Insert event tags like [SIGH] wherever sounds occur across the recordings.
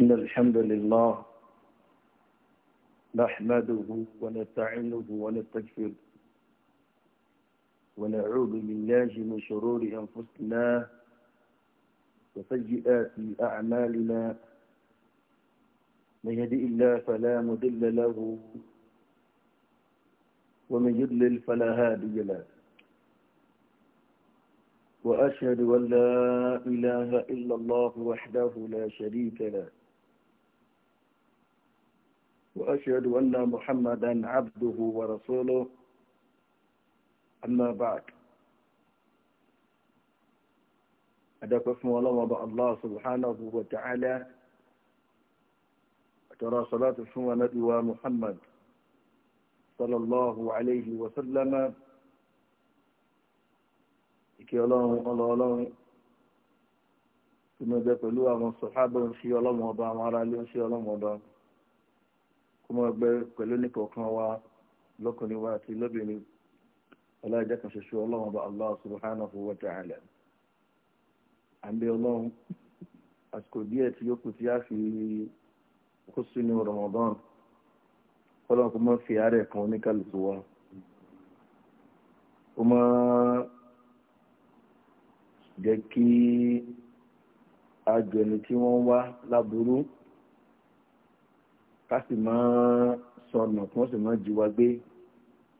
إن الحمد لله نحمده ونستعينه ونستغفره ونعوذ بالله من شرور أنفسنا وسيئات أعمالنا من يهدئ الله فلا مضل له ومن يضلل فلا هادي له وأشهد أن لا إله إلا الله وحده لا شريك له وأشهد أن محمدا عبده ورسوله أما بعد هذا اسم الله وضع الله سبحانه وتعالى ترى صلاة السنة نبي محمد صلى الله عليه وسلم كي الله الله الله ثم mo jẹ́ من صحابه sọ̀hábọ̀ الله ṣe ọlọ́run الله àwọn mọ́ ọgbẹ́ pẹ̀lú nìkọ̀ọ̀kan wa lọ́kùnrin wa àti lóbìnrin ọlọ́ọ̀jẹ́ kan ṣoṣo ọlọ́run bá Allah subhanahu wa ta'ala àbí ọlọ́run àsìkò díẹ̀ tí yókù tí a fi kó sínú Ramadan ọlọ́run kò mọ́ fi àárẹ̀ kan oníkàlùkù wa ó mọ́ jẹ́ kí àjọ ẹni tí wọ́n wá láburú ká sì máa sọnù kí wọ́n sì máa jí wa gbé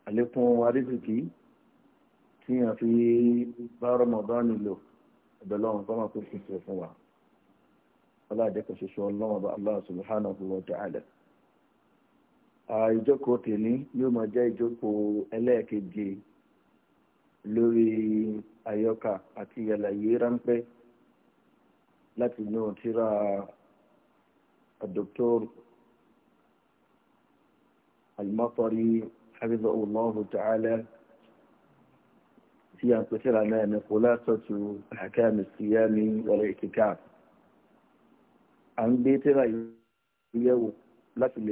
àlékún arísìkí tí a fi bá Ramadan nílò ẹ̀bẹ̀ lọ́wọ́n tó máa tó fi ṣe fún wa ọlọ́àdẹ́kọ̀ ṣoṣo ọlọ́wọ́n bá Allah subhanahu wa ta'ala ìjókòó tèmi yóò máa jẹ́ ìjókòó ẹlẹ́ẹ̀keje lórí àyọkà àti àlàyé ráńpẹ́ láti inú tíra Dr. المطري حفظه الله تعالى في أن تصير أمام خلاصة أحكام الصيام والاعتكاف عن بيت يو لكل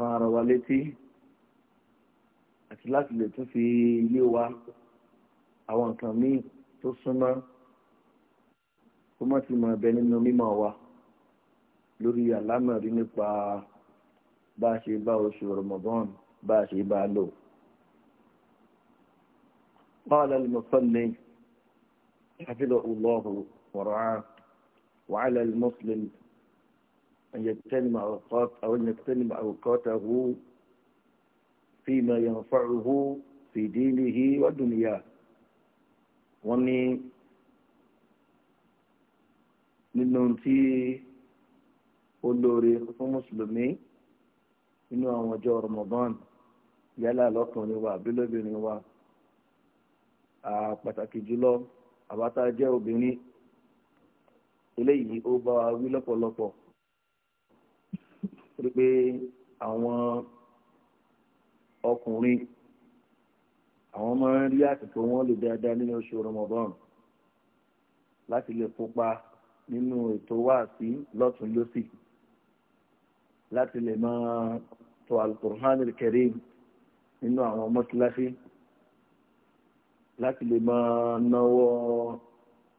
غار والتي àti láti lè tún fi ilé wa àwọn nǹkan míì tó súnmọ́ kó má ti mọ̀ ẹbẹ nínú mímọ̀ wa lórí àlámọ̀rí nípa bá a ṣe bá oṣù Ramadan bá a ṣe bá a lò. قال المصلي حفظه الله ورعاه وعلى المسلم أن يغتنم أوقات أو أن يغتنم أوقاته فيما ينفعه في دينه ودنياه وني nínú tí olóore fún mùsùlùmí nínú àwọn ọjọ́ Ramadan yálà lọ́kùnrin wa àbí lóbìnrin wa pàtàkì jùlọ àbátá jẹ́ obìnrin eléyìí ó bá wa wí lọ́pọ̀lọpọ̀ rí pé àwọn ọkùnrin àwọn máa ń rí àsìkò wọn lò dáadáa nínú oṣù Ramadan láti lè kópa nínú ètò wáàsí lọ́tún lọ́sì. Si láti lè máa tọ alukur'an karim nínú àwọn mọ́síláṣí láti lè máa náwó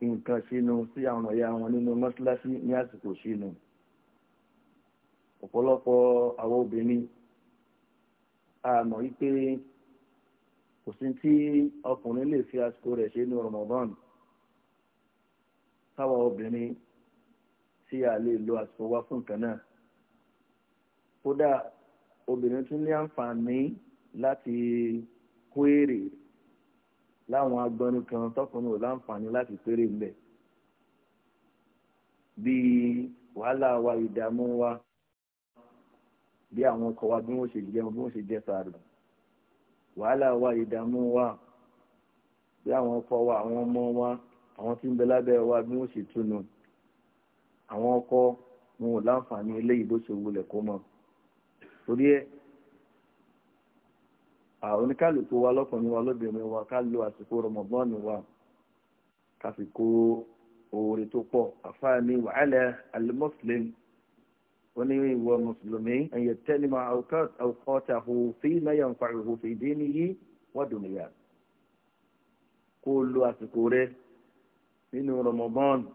nǹkan sínú sí àwọn ọ̀yà wọn nínú mọ́síláṣí ní àsìkò sínú ọ̀pọ̀lọpọ̀ àwọn obìnrin àmọ́ wípé kò sí tí ọkùnrin lè fi àsìkò rẹ̀ ṣe nínú Ramadan táwọn obìnrin tí a lè lo àsìkò wa fún nǹkan náà kódà obìnrin tún ní àǹfààní láti kó èrè láwọn agbọnú kan tọkùnrin ò láǹfààní láti péré ńbẹ bíi wàhálà wa ìdààmú wa bí àwọn ọkọ wa bí wọn ṣe jẹun bí wọn ṣe jẹ sàrò wàhálà wa ìdààmú wa bí àwọn ọkọ wa àwọn ọmọ wa àwọn tí ń bẹ lábẹ́ wa bí wọn ṣe túnu àwọn ọkọ wọn ò láǹfààní eléyìí bó ṣe wulẹ̀ kó mọ́ torí ẹ àwọn oníkálùkù wa lọ́kùnrin wa lóbìnrin wa ká lo àsìkò rọmọbọ́ọ̀nù wa ká fi kó oore tó pọ̀ àfáàní wàhálà alimọ́sílẹ̀m wọ́n ní ìwọ mùsùlùmí ẹ̀yẹ tẹ́lẹ̀mọ́ àwòkọ́ta òfin náà yàn fàrọ̀ òfin ìdí nìyí wọ́n dùn níyà kó lo àsìkò rẹ nínú rọmọbọ́ọ̀nù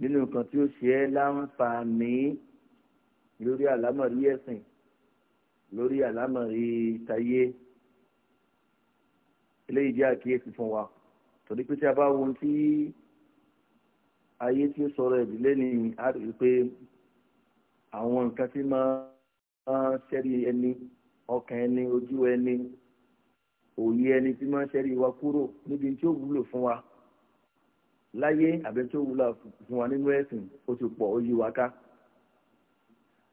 nínú nǹkan tí ó ṣe é láǹfààní lórí àlámọ̀rí ẹ̀sìn lórí àlámọ̀rí tayé eléyìí jẹ́ àkíyèsí fún wa torí pé tí a bá wo tí ayé tí ó sọ̀rọ̀ ìdílé ni a rí i pé àwọn nǹkan tí máa ń ṣẹ́rí ẹni ọkàn ẹni ojú ẹni òye ẹni tí máa ń ṣẹ́rí wa kúrò níbi tí ó wúlò fún wa láyé àbẹ tí ó wúlò fún wa nínú ẹ̀sìn ó ti pọ̀ ó yí wa ká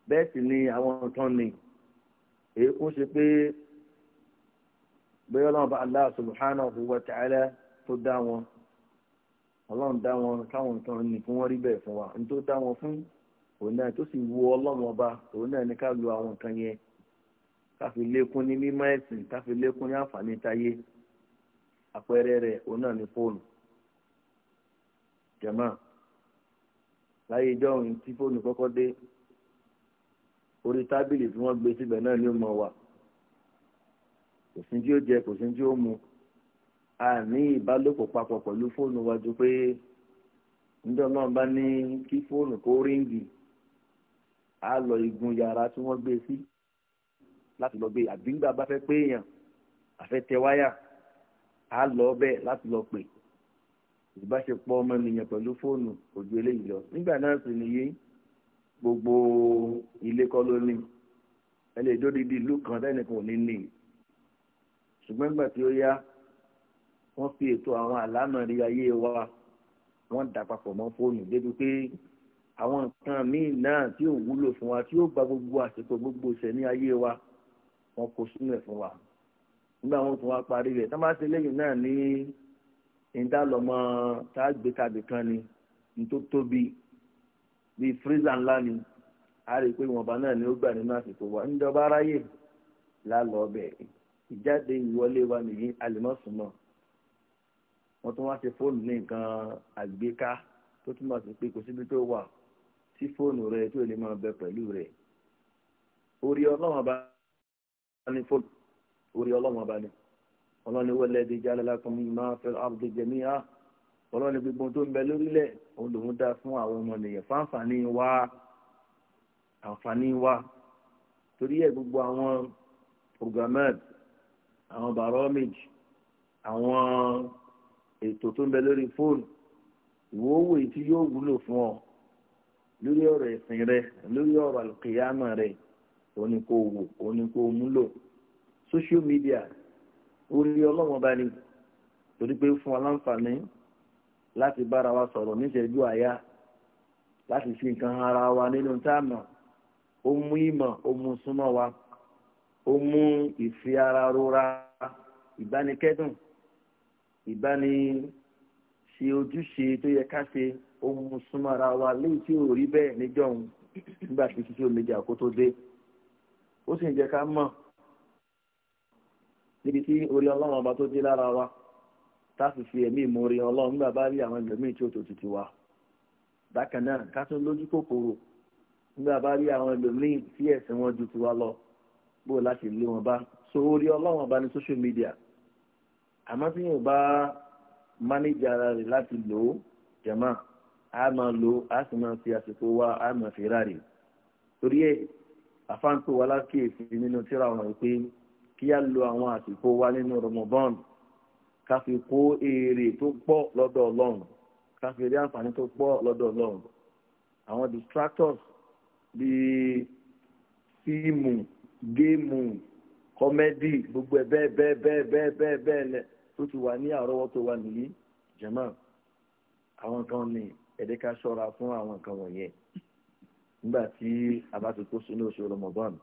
bẹ́ẹ̀ sì ni àwọn nǹkan nìyí èyí ṣe pé bẹ́ẹ̀ ọlọ́run bá Allah subhanahu wa ta'ala tó dá wọn ọlọ́run dá wọn káwọn nǹkan ní kí wọ́n rí bẹ́ẹ̀ fún wa nítorí dá wọn fún òun náà tó sì wo ọlọ́run ọba òun náà ní ká àwọn nǹkan yẹn ní ẹ̀sìn ká táyé àpẹẹrẹ rẹ̀ òun ní fóònù jẹ̀mọ́ láyé tí fóònù orí tábìlì tí wọ́n gbé síbẹ̀ náà ni ó mọ̀ wà kò sí tí ó jẹ kò sí tí ó mu a ní ìbálòpọ̀ papọ̀ pẹ̀lú fóònù wa ju pé níjọ́ náà bá ní kí fóònù kó ríǹgì á lọ igun yàrá tí wọ́n gbé sí láti lọ gbé àbígbà bá fẹ́ pé èèyàn àfẹ́tẹ wáyà á lọ bẹ́ẹ̀ láti lọ pè ìbáṣepọ̀ ọmọ ènìyàn pẹ̀lú fóònù kò ju eléyìí lọ nígbà náà sì nìyí gbogbo ilé kọ́ ló ní ẹ lè dó dídí ìlú kan tẹ́nìkan ò ní ní ṣùgbọ́n nígbà tí ó yá wọ́n fi ètò àwọn àlámọ̀ rí ayé wa wọ́n dà papọ̀ mọ́ fóònù débi pé àwọn nǹkan míì náà tí ò wúlò fún wa tí ó gba gbogbo àsìkò gbogbo ìṣẹ̀ ní ayé wa wọ́n kó sínú ẹ̀ fún wa nígbà wọn tún wá parí rẹ̀ tá bá ṣe lẹ́yìn náà ní ìdálọ́mọ tá a gbé tàbí kan ni ní tó tóbi bíi freezer ńlá ni a rí i pé ìwọ̀nba náà ni ó gbà nínú àsìkò wa ńjọba aráyè lálọ́ ọbẹ̀ ìjáde ìwọlé wa nìyí àlìmọ́sùnmọ́ wọ́n tún wá ṣe fóònù ní nǹkan àgbéká tó túmọ̀ sí pé kò síbi tó wà tí fóònù rẹ tó lè máa bẹ pẹ̀lú rẹ orí ọlọ́wọ́n bá ní fóònù orí ọlọ́wọ́n bá ní ọlọ́ni wọlé ẹ̀dẹ́jà lẹ́la kan máa fẹ́ àbùdó jẹ̀míyà ọlọ́run gbogbo tó ń bẹ lórílẹ̀ òun lòún dá fún àwọn ọmọ nìyẹn fáǹfààní wa àǹfààní wa torí ẹ̀ gbogbo àwọn programmed àwọn baromage àwọn ètò tó ń bẹ lórí fóònù ìwọ owó yìí tí yóò wúlò fún ọ lórí ọ̀rọ̀ ẹ̀sìn rẹ lórí ọ̀rọ̀ àlùkìyàmọ̀ rẹ òun kò wò òun kò múlò social media orí ọlọ́wọ́n bá ní torí pé fún wa láǹfààní láti bára wa sọ̀rọ̀ níṣẹ́jú àyà láti fi nǹkan ara wa nínú táàmù ó mú ìmọ̀ ó mú súnmọ́ wa ó mú ìfi ara rora ìbánikẹ́dùn ìbáni ṣe ojúṣe tó yẹ ká ṣe ó mú súnmọ́ ara wa léyìí tí ò rí bẹ́ẹ̀ níjọ́hun nígbà tí ṣíṣe omi jà kó tó dé ó sì ń jẹ́ ká mọ̀ níbi tí orí ọlọ́run ọba tó dé lára wa táfi fi ẹ̀mí ìmoore ọlọ́run nígbà bá rí àwọn ẹlòmíì tí ó tó títí wa bákan náà ká tún lójú kòkòrò nígbà bá rí àwọn ẹlòmíì tí ẹ̀sìn wọn ju tiwa lọ bó láti lé wọn bá so orí ọlọ́run ọba ní social media àmọ́ tí yóò bá mánéjà ara rẹ̀ láti lò ó jẹ̀mọ́ a máa lò ó a sì máa fi àsìkò wa a máa fi ráre torí ẹ̀ àfáǹpé wa lákèéfì nínú tíra ọ̀ràn pé kí á lo àwọn àsìkò wa nínú rọmọbọ́ọ̀nù ká fi kó èrè tó pọ̀ lọ́dọ̀ ọlọ́run ká fi rí àǹfààní tó pọ̀ lọ́dọ̀ ọlọ́run àwọn distractors bíi fíìmù géèmù kọ́mẹ́dì gbogbo ẹ̀ bẹ́ẹ̀ bẹ́ẹ̀ bẹ́ẹ̀ bẹ́ẹ̀ bẹ́ẹ̀ bẹ́ẹ̀ lẹ̀ tó ti wà ní àrọ́wọ́tó wa nìyí jẹ̀mọ́ àwọn kan ní ẹ̀dẹ́ ká ṣọ́ra fún àwọn nǹkan wọ̀nyẹn nígbà tí a bá ti kó sínú oṣù Ramadan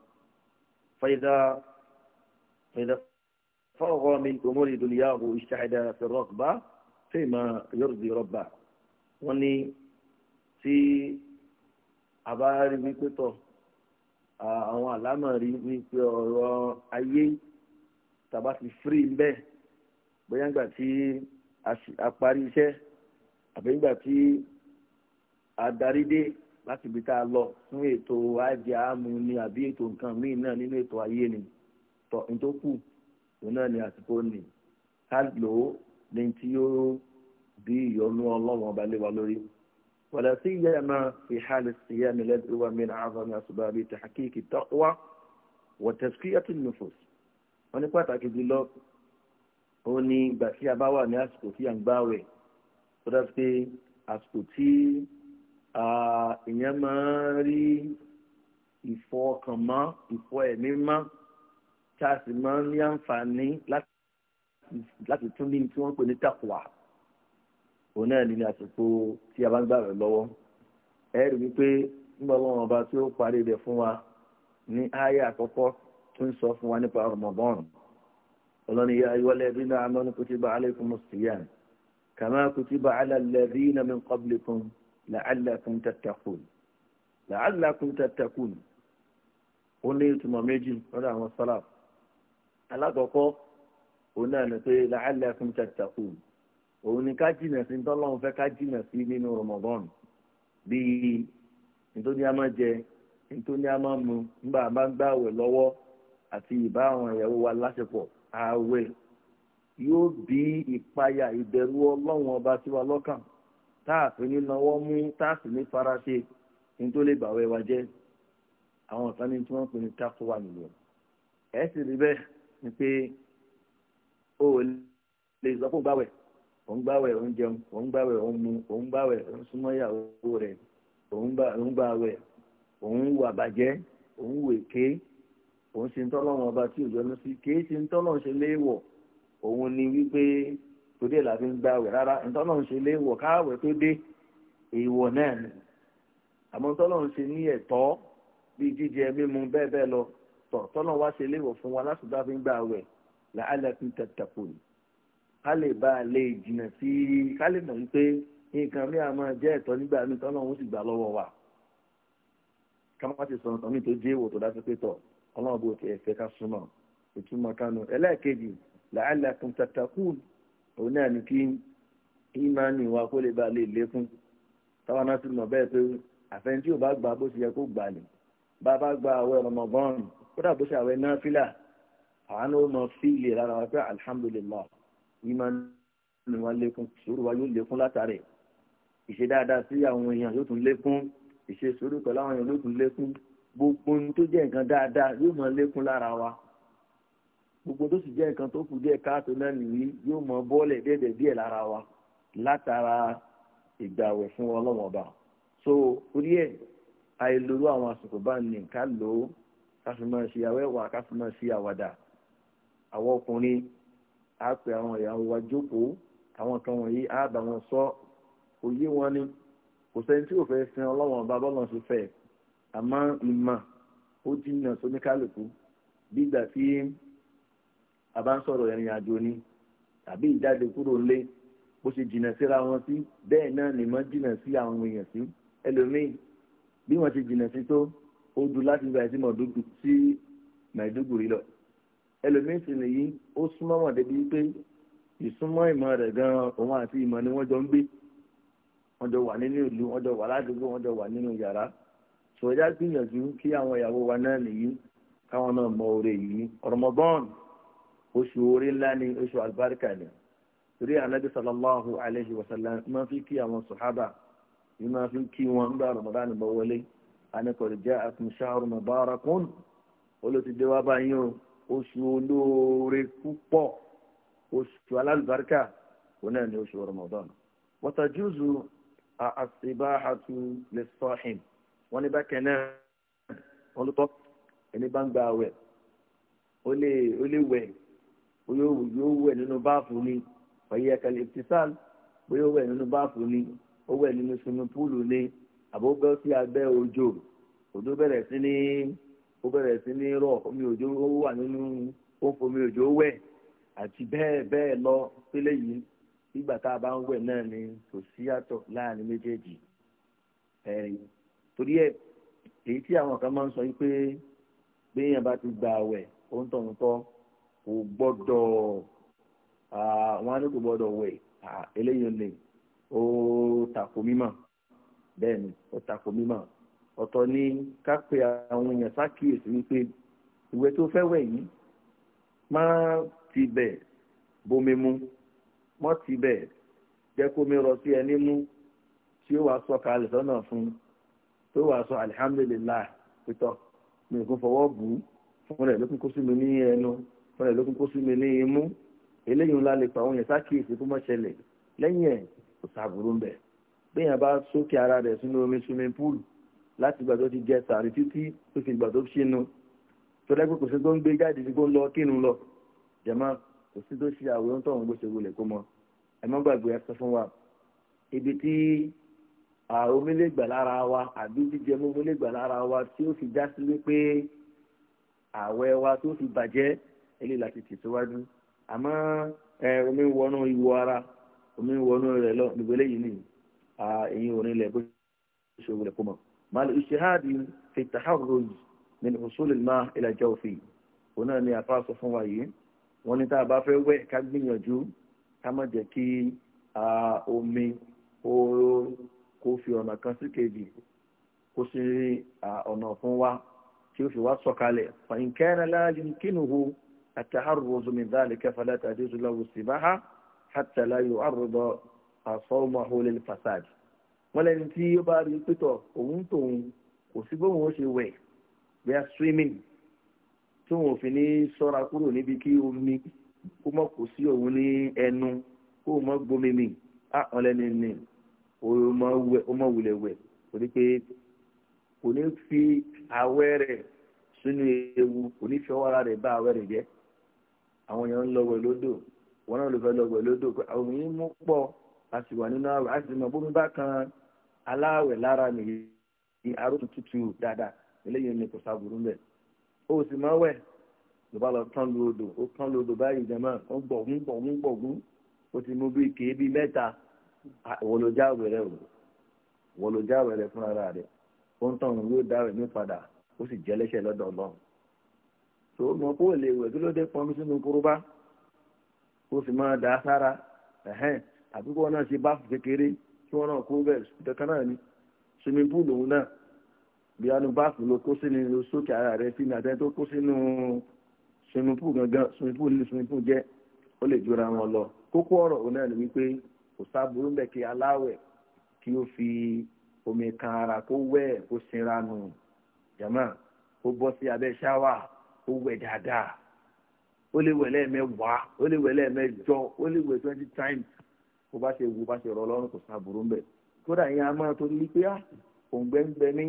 fayida fayida فرغ من أمور دنياه اجتهد في الرغبة فيما يرضي ربه وني في tí a bá rí wípé tọ̀ àwọn àlámọ̀ rí wípé ọ̀rọ̀ ayé tàbá ti fírí bẹ́ẹ̀ bóyá nígbà tí a parí iṣẹ́ àbí nígbà tí a darí dé láti ibi tá a lọ fún ètò ajé àmú ni àbí ètò nǹkan míì náà nínú ètò ayé ni tọ̀ ní tó kù òun náà ni àsìkò nì ká lò ó ní tí yóò bí ìyọnu ọlọ́run ọba lé wa lórí. wàlá sí ìyá máa fi hàlì sí ìyá mi lẹ́dí wà mí náà àwọn àṣùbà bíi tàkìkì tọ́wá wọ̀tẹ̀síkíyàtì nufus. wọ́n ní pàtàkì jùlọ ó ní ìgbà tí a bá wà ní àsìkò tí à ń gbá rẹ̀ tó dá pé àsìkò tí ìyẹn máa rí ìfọkànmọ́ ìfọ ẹ̀mí mọ́ tá a sì máa ń ní àǹfààní láti tún ní tí wọ́n pè ní tàkùwà òun náà ní àsìkò tí a bá ń gbà rẹ̀ lọ́wọ́ ẹ rí i pé nígbà wọn ọba tí ó parí rẹ̀ fún wa ní ayé àkọ́kọ́ tó ń sọ fún wa nípa Ramadan ọlọ́ni yá ayọ́lẹ̀ bí náà amọ́nù kutiba alaykumus siyam kàmá kutiba ala alladhina min qablikum la'allakum tattaqun la'allakum tattaqun ó ní ìtumọ̀ méjì lọ́dọ̀ àwọn sálàfù alákọ̀ọ́kọ́ òun náà ni pé la'allakum tattaqun òun ni ká jìnà sí tọ́lọ́run fẹ́ ká jìnà sí nínú Ramadan bíi nítorí a máa jẹ nítorí a máa mu nígbà a máa ń gbà àwẹ̀ lọ́wọ́ àti ìbá àwọn ìyàwó wa láṣepọ̀ àwẹ̀ yóò bí ìpayà ìbẹ̀rù ọlọ́run ọba sí lọ́kàn táàfin ní lọ́wọ́ mú táàfin ní faraṣe ní tó wa jẹ́ àwọn kan ní tí wọ́n pè ní tákùwà nìyẹn ẹ̀ sì rí bẹ́ẹ̀ ni pé ó lè sọ fún gbàwẹ̀ òun gbàwẹ̀ òun jẹun òun gbàwẹ̀ òun mu òun gbàwẹ̀ òun súnmọ́ ìyàwó rẹ̀ òun gbàwẹ̀ òun wà bàjẹ́ òun wèké òun ṣe ń tọ́lọ́run ọba tí òjò lọ sí kìí ṣe ń tọ́lọ́run ṣe léèwọ̀ òun ni wípé torí ẹ̀ la fi ń gbàwẹ̀ rárá ń tọ́lọ́run ṣe léèwọ̀ káwẹ̀ tó dé èèwọ̀ náà ni àmọ́ tọ́lọ́run ṣe ní ẹ̀tọ́ bíi jíjẹ mímu bẹ́ẹ̀ bẹ́ẹ̀ lọ tọ̀ tọ́lọ́ wá ṣe léwọ̀ fún wa láti bá fi ń gbà wẹ̀ la'allakum tattaqun ká lè bá a lè jìnnà sí i ká lè mọ̀ wípé nǹkan mi àmọ́ jẹ́ ẹ̀tọ́ nígbà mi tọ́lọ́ òun sì gbà lọ́wọ́ wa ká má ti sọ̀rọ̀ tọ́mí tó jẹ́ èèwọ̀ tó dá sí pé tọ̀ ọlọ́run bó ti ẹ̀fẹ́ ká súnmọ́ ìtumọ̀ kánú ẹlẹ́ẹ̀kejì la'allakum tattaqun òun náà ní kí ìmánì wa kó lè bá lè lékún táwọn náà bá gbà bó ti yẹ kó kódà bó ṣe àwẹ̀ náà fílà àwọn náà mọ fíìlì e lára wa pé alhamdulillah ìmọ̀ ni wọ́n lékún sùúrù wa yóò lékún látàrí ìṣe dáadáa sí àwọn èèyàn yóò tún lékún ìṣe sùúrù pẹ̀lú àwọn èèyàn yóò tún lékún gbogbo ohun tó jẹ́ nǹkan dáadáa yóò mọ lékún lára wa gbogbo tó sì jẹ́ nǹkan tó kù díẹ̀ káàtó náà nìyí yóò mọ bọ́ọ̀lẹ̀ déédéé díẹ̀ lára wa látara ìgbàwẹ̀ fún ọlọ́wọ́n so orí ẹ̀ àìlórú àwọn àsìkò bá ní ká káfí máa ṣe àwẹ́wà káfí àwàdà àwọn ọkùnrin á pe àwọn ìyàwó wa jókòó àwọn kan wọ̀nyí á bá wọn sọ òye wọn ni kò sẹ́ni tí ò fẹ́ sin ọlọ́wọ́n ọba bọ́lọ̀ ṣe fẹ́ àmọ́ ìmọ̀ ó jìnnà sóníkálùkù bí ìgbà tí a bá ń sọ̀rọ̀ ìrìn àjò ni tàbí ìjáde kúrò lé bó ṣe jìnnà síra wọn sí bẹ́ẹ̀ náà ni mo sí àwọn èèyàn sí ẹlòmíì bí wọ́n ṣe jìnnà sí tó ó du láti bẹ̀rẹ̀ sí mọ̀dúgbù sí Maiduguri lọ ẹlòmíín sì nìyí ó súnmọ́ wọn débi pé ìsúnmọ́ ìmọ̀ rẹ̀ gan-an òun àti ìmọ̀ ni wọ́n jọ ń gbé wọ́n jọ wà nínú ìlú wọ́n jọ wà ládùúgbò wọ́n jọ wà nínú yàrá sọ̀rọ̀dá gbìyànjú kí àwọn ìyàwó wa náà nìyí káwọn náà mọ oore yìí Ramadan oṣù oore ńlá ni oṣù àlùbáríkà ni torí anabi sallallahu alayhi wa sallam máa fi kí àwọn sàhábà yìí máa fi kí wọn anìkọ̀rọ̀ jẹ́ àtúnṣàrò mọ̀bára kún olótìdé wa bá yín o oṣù olóore púpọ̀ oṣù alálùbáríkà òun náà ni oṣù Ramadan wọ́tàjúùsù àṣìbáhàtú lè sọ him wọ́n ní bákẹ́ náà wọ́n ló tọ́ ẹni bá ń gba àwẹ̀ ó lè ó lè yóò wẹ̀ nínú báàfù ni fàyẹ̀kẹ̀lẹ̀ ìfisàl bóyá wẹ̀ nínú báàfù ni ó wẹ̀ nínú sinmi púùlù ni àbó bẹ́ sí abẹ́ òjò òjò bẹ̀rẹ̀ sí ní ó bẹ̀rẹ̀ sí ní rọ̀ omi òjò ó wà nínú ó fomi òjò wẹ̀ àti bẹ́ẹ̀ bẹ́ẹ̀ lọ sílé yìí nígbà tá a bá ń wẹ̀ náà ni kò sí yàtọ̀ láàrin méjèèjì ẹ̀rín torí ẹ̀ èyí tí àwọn kan máa ń sọ yìí pé béèyàn bá ti gba àwẹ̀ ó ń tọ̀hún tọ́ kò gbọ́dọ̀ wọn á gbọ́dọ̀ wẹ̀ eléyìí ò lè ó tako mímọ́ bẹ́ẹ̀ ni ó tako mímọ̀ ọ̀tọ̀ ni ká pe àwọn èèyàn sákìyèsí wípé ìwé tó fẹ́ wẹ̀ yìí má ti bẹ̀ bomi mu mọ́ ti bẹ̀ jẹ́ kó mi rọ sí ẹni mú tí ó wàá sọ kalẹ̀ sọ́nà fún tó wàá sọ alihamudulilayi pẹ̀tọ́ mi ò kún fọwọ́ bù ú fún rẹ̀ ló kó sí mi ní ẹnu fún rẹ̀ ló kó sí mi ní imú eléyìí ńlá lè pa àwọn èèyàn sákìyèsí kó mọ́ lẹ́yìn ẹ̀ kò sábúrú ń bẹ̀ béèyàn bá sókè ara rẹ̀ sínú omi swimming pool láti ìgbà tó ti jẹ sàrí títí tó fi ìgbà tó ṣínú tó dẹ́gbẹ́ kò sí tó ń gbé jáde tí kò ń lọ kírun lọ jẹ̀mọ́ kò sí tó ṣe àwòrán tó àwọn gbèsè wọlé kó mọ ẹ má gbàgbé ẹ fún wa ibi tí omi lára wa àbí jíjẹ mú omi lè gbà lára wa tí ó fi já sí wípé àwẹ̀ wa tó fi bàjẹ́ eléyìí láti tẹ̀síwájú àmọ́ omi wọnú ìwọ ara omi wọnú rẹ̀ lọ nígbẹ́lẹ́yìn nìyí èyí orin ilẹ̀ bó ṣe wulẹ̀ kó mọ̀. mal ijtihadi fi taharruj min husul al-ma' ila jawfi òun náà ni àpá sọ fún wa yìí wọ́n ní tá a bá fẹ́ wẹ̀ ká gbìyànjú ká má jẹ́ kí omi oró kó fi ọ̀nà kan sí kejì kó sì rí ọ̀nà fún wa tí ó fi wá sọ̀kalẹ̀ fa in kana la yumkinuhu at-taharruz min dhalika fala tajuzu lahu sibaha hatta la yu'arrida àsọ́ọ̀mọ́ lil fasad wọ́n lẹ́ni tí ó bá rí pétọ̀ òun tòun kò sí bóun ó ṣe wẹ̀ bí a swimming tí òun fi ní sọ́ra kúrò níbi kí omi kó mọ̀ kó sí òun ní ẹnu kó mọ̀ gbomi mi á wọn lẹ́ni ní ó mọ̀ wulẹ̀ wẹ̀ kò ní pé kò ní fi àwẹ̀ rẹ̀ sínú ewu kò ní fi ọwọ́ ara rẹ̀ bá àwẹ̀ rẹ̀ jẹ́ àwọn èèyàn ń lọ wẹ̀ lódò wọn náà ló fẹ́ lọ wẹ̀ lódò àwọn èèyàn mú pọ̀ a sì wà nínú àwẹ̀ a sì mọ̀ bómi bá kan aláwẹ̀ lára nìyí ní arótù tútù dáadáa eléyìí ni kò sábùrú mbẹ ó sì máa wẹ̀ ló bá lọ tán lu odò ó tán lu odò báyìí jẹ máa ó gbọ̀gún gbọ̀gún gbọ̀gún ó ti mú bíi kéé bíi mẹ́ta wọlójá wẹ̀rẹ̀ o wọlójá wẹ̀rẹ̀ fún ara rẹ̀ ó ń tàn yóò dá rẹ̀ ní padà ó sì jẹ́ lẹ́sẹ̀ lọ́dọ̀ ọlọ́run tó mọ kó lè wẹ̀ kí ló dé pọnmi sínú kúrúbá ó sì máa dà á sára ẹ̀hẹ́n àbí kí wọ́n náà ṣe báfù kékeré kí wọ́n náà kó bẹ́ẹ̀ kankan náà ni swimming pool òun náà bí anu báfù ló kó sínú ló sókè ara rẹ̀ sínú àtẹ́ni tó kó sínú swimming pool gangan swimming pool ní swimming pool jẹ́ ó lè jura wọn lọ kókó ọ̀rọ̀ òun náà ni wípé kò sábúrú ń bẹ̀ kí aláwẹ̀ kí ó fi omi kan ara kó wẹ̀ kó sinra nù jama kó bọ́ sí abẹ́ ṣáwà kó wẹ̀ dáadáa ó lè wẹ̀ lẹ́ẹ̀mẹ́wàá ó lè wẹ̀ lẹ́ẹ̀mẹ́jọ ó lè wẹ̀ twenty times bó bá ṣe wù bá ṣe rọ lọ́rùn kò sábúrú ń bẹ̀ kódà ìyẹn a máa torí pé à ah, òǹgbẹ ń bẹ ní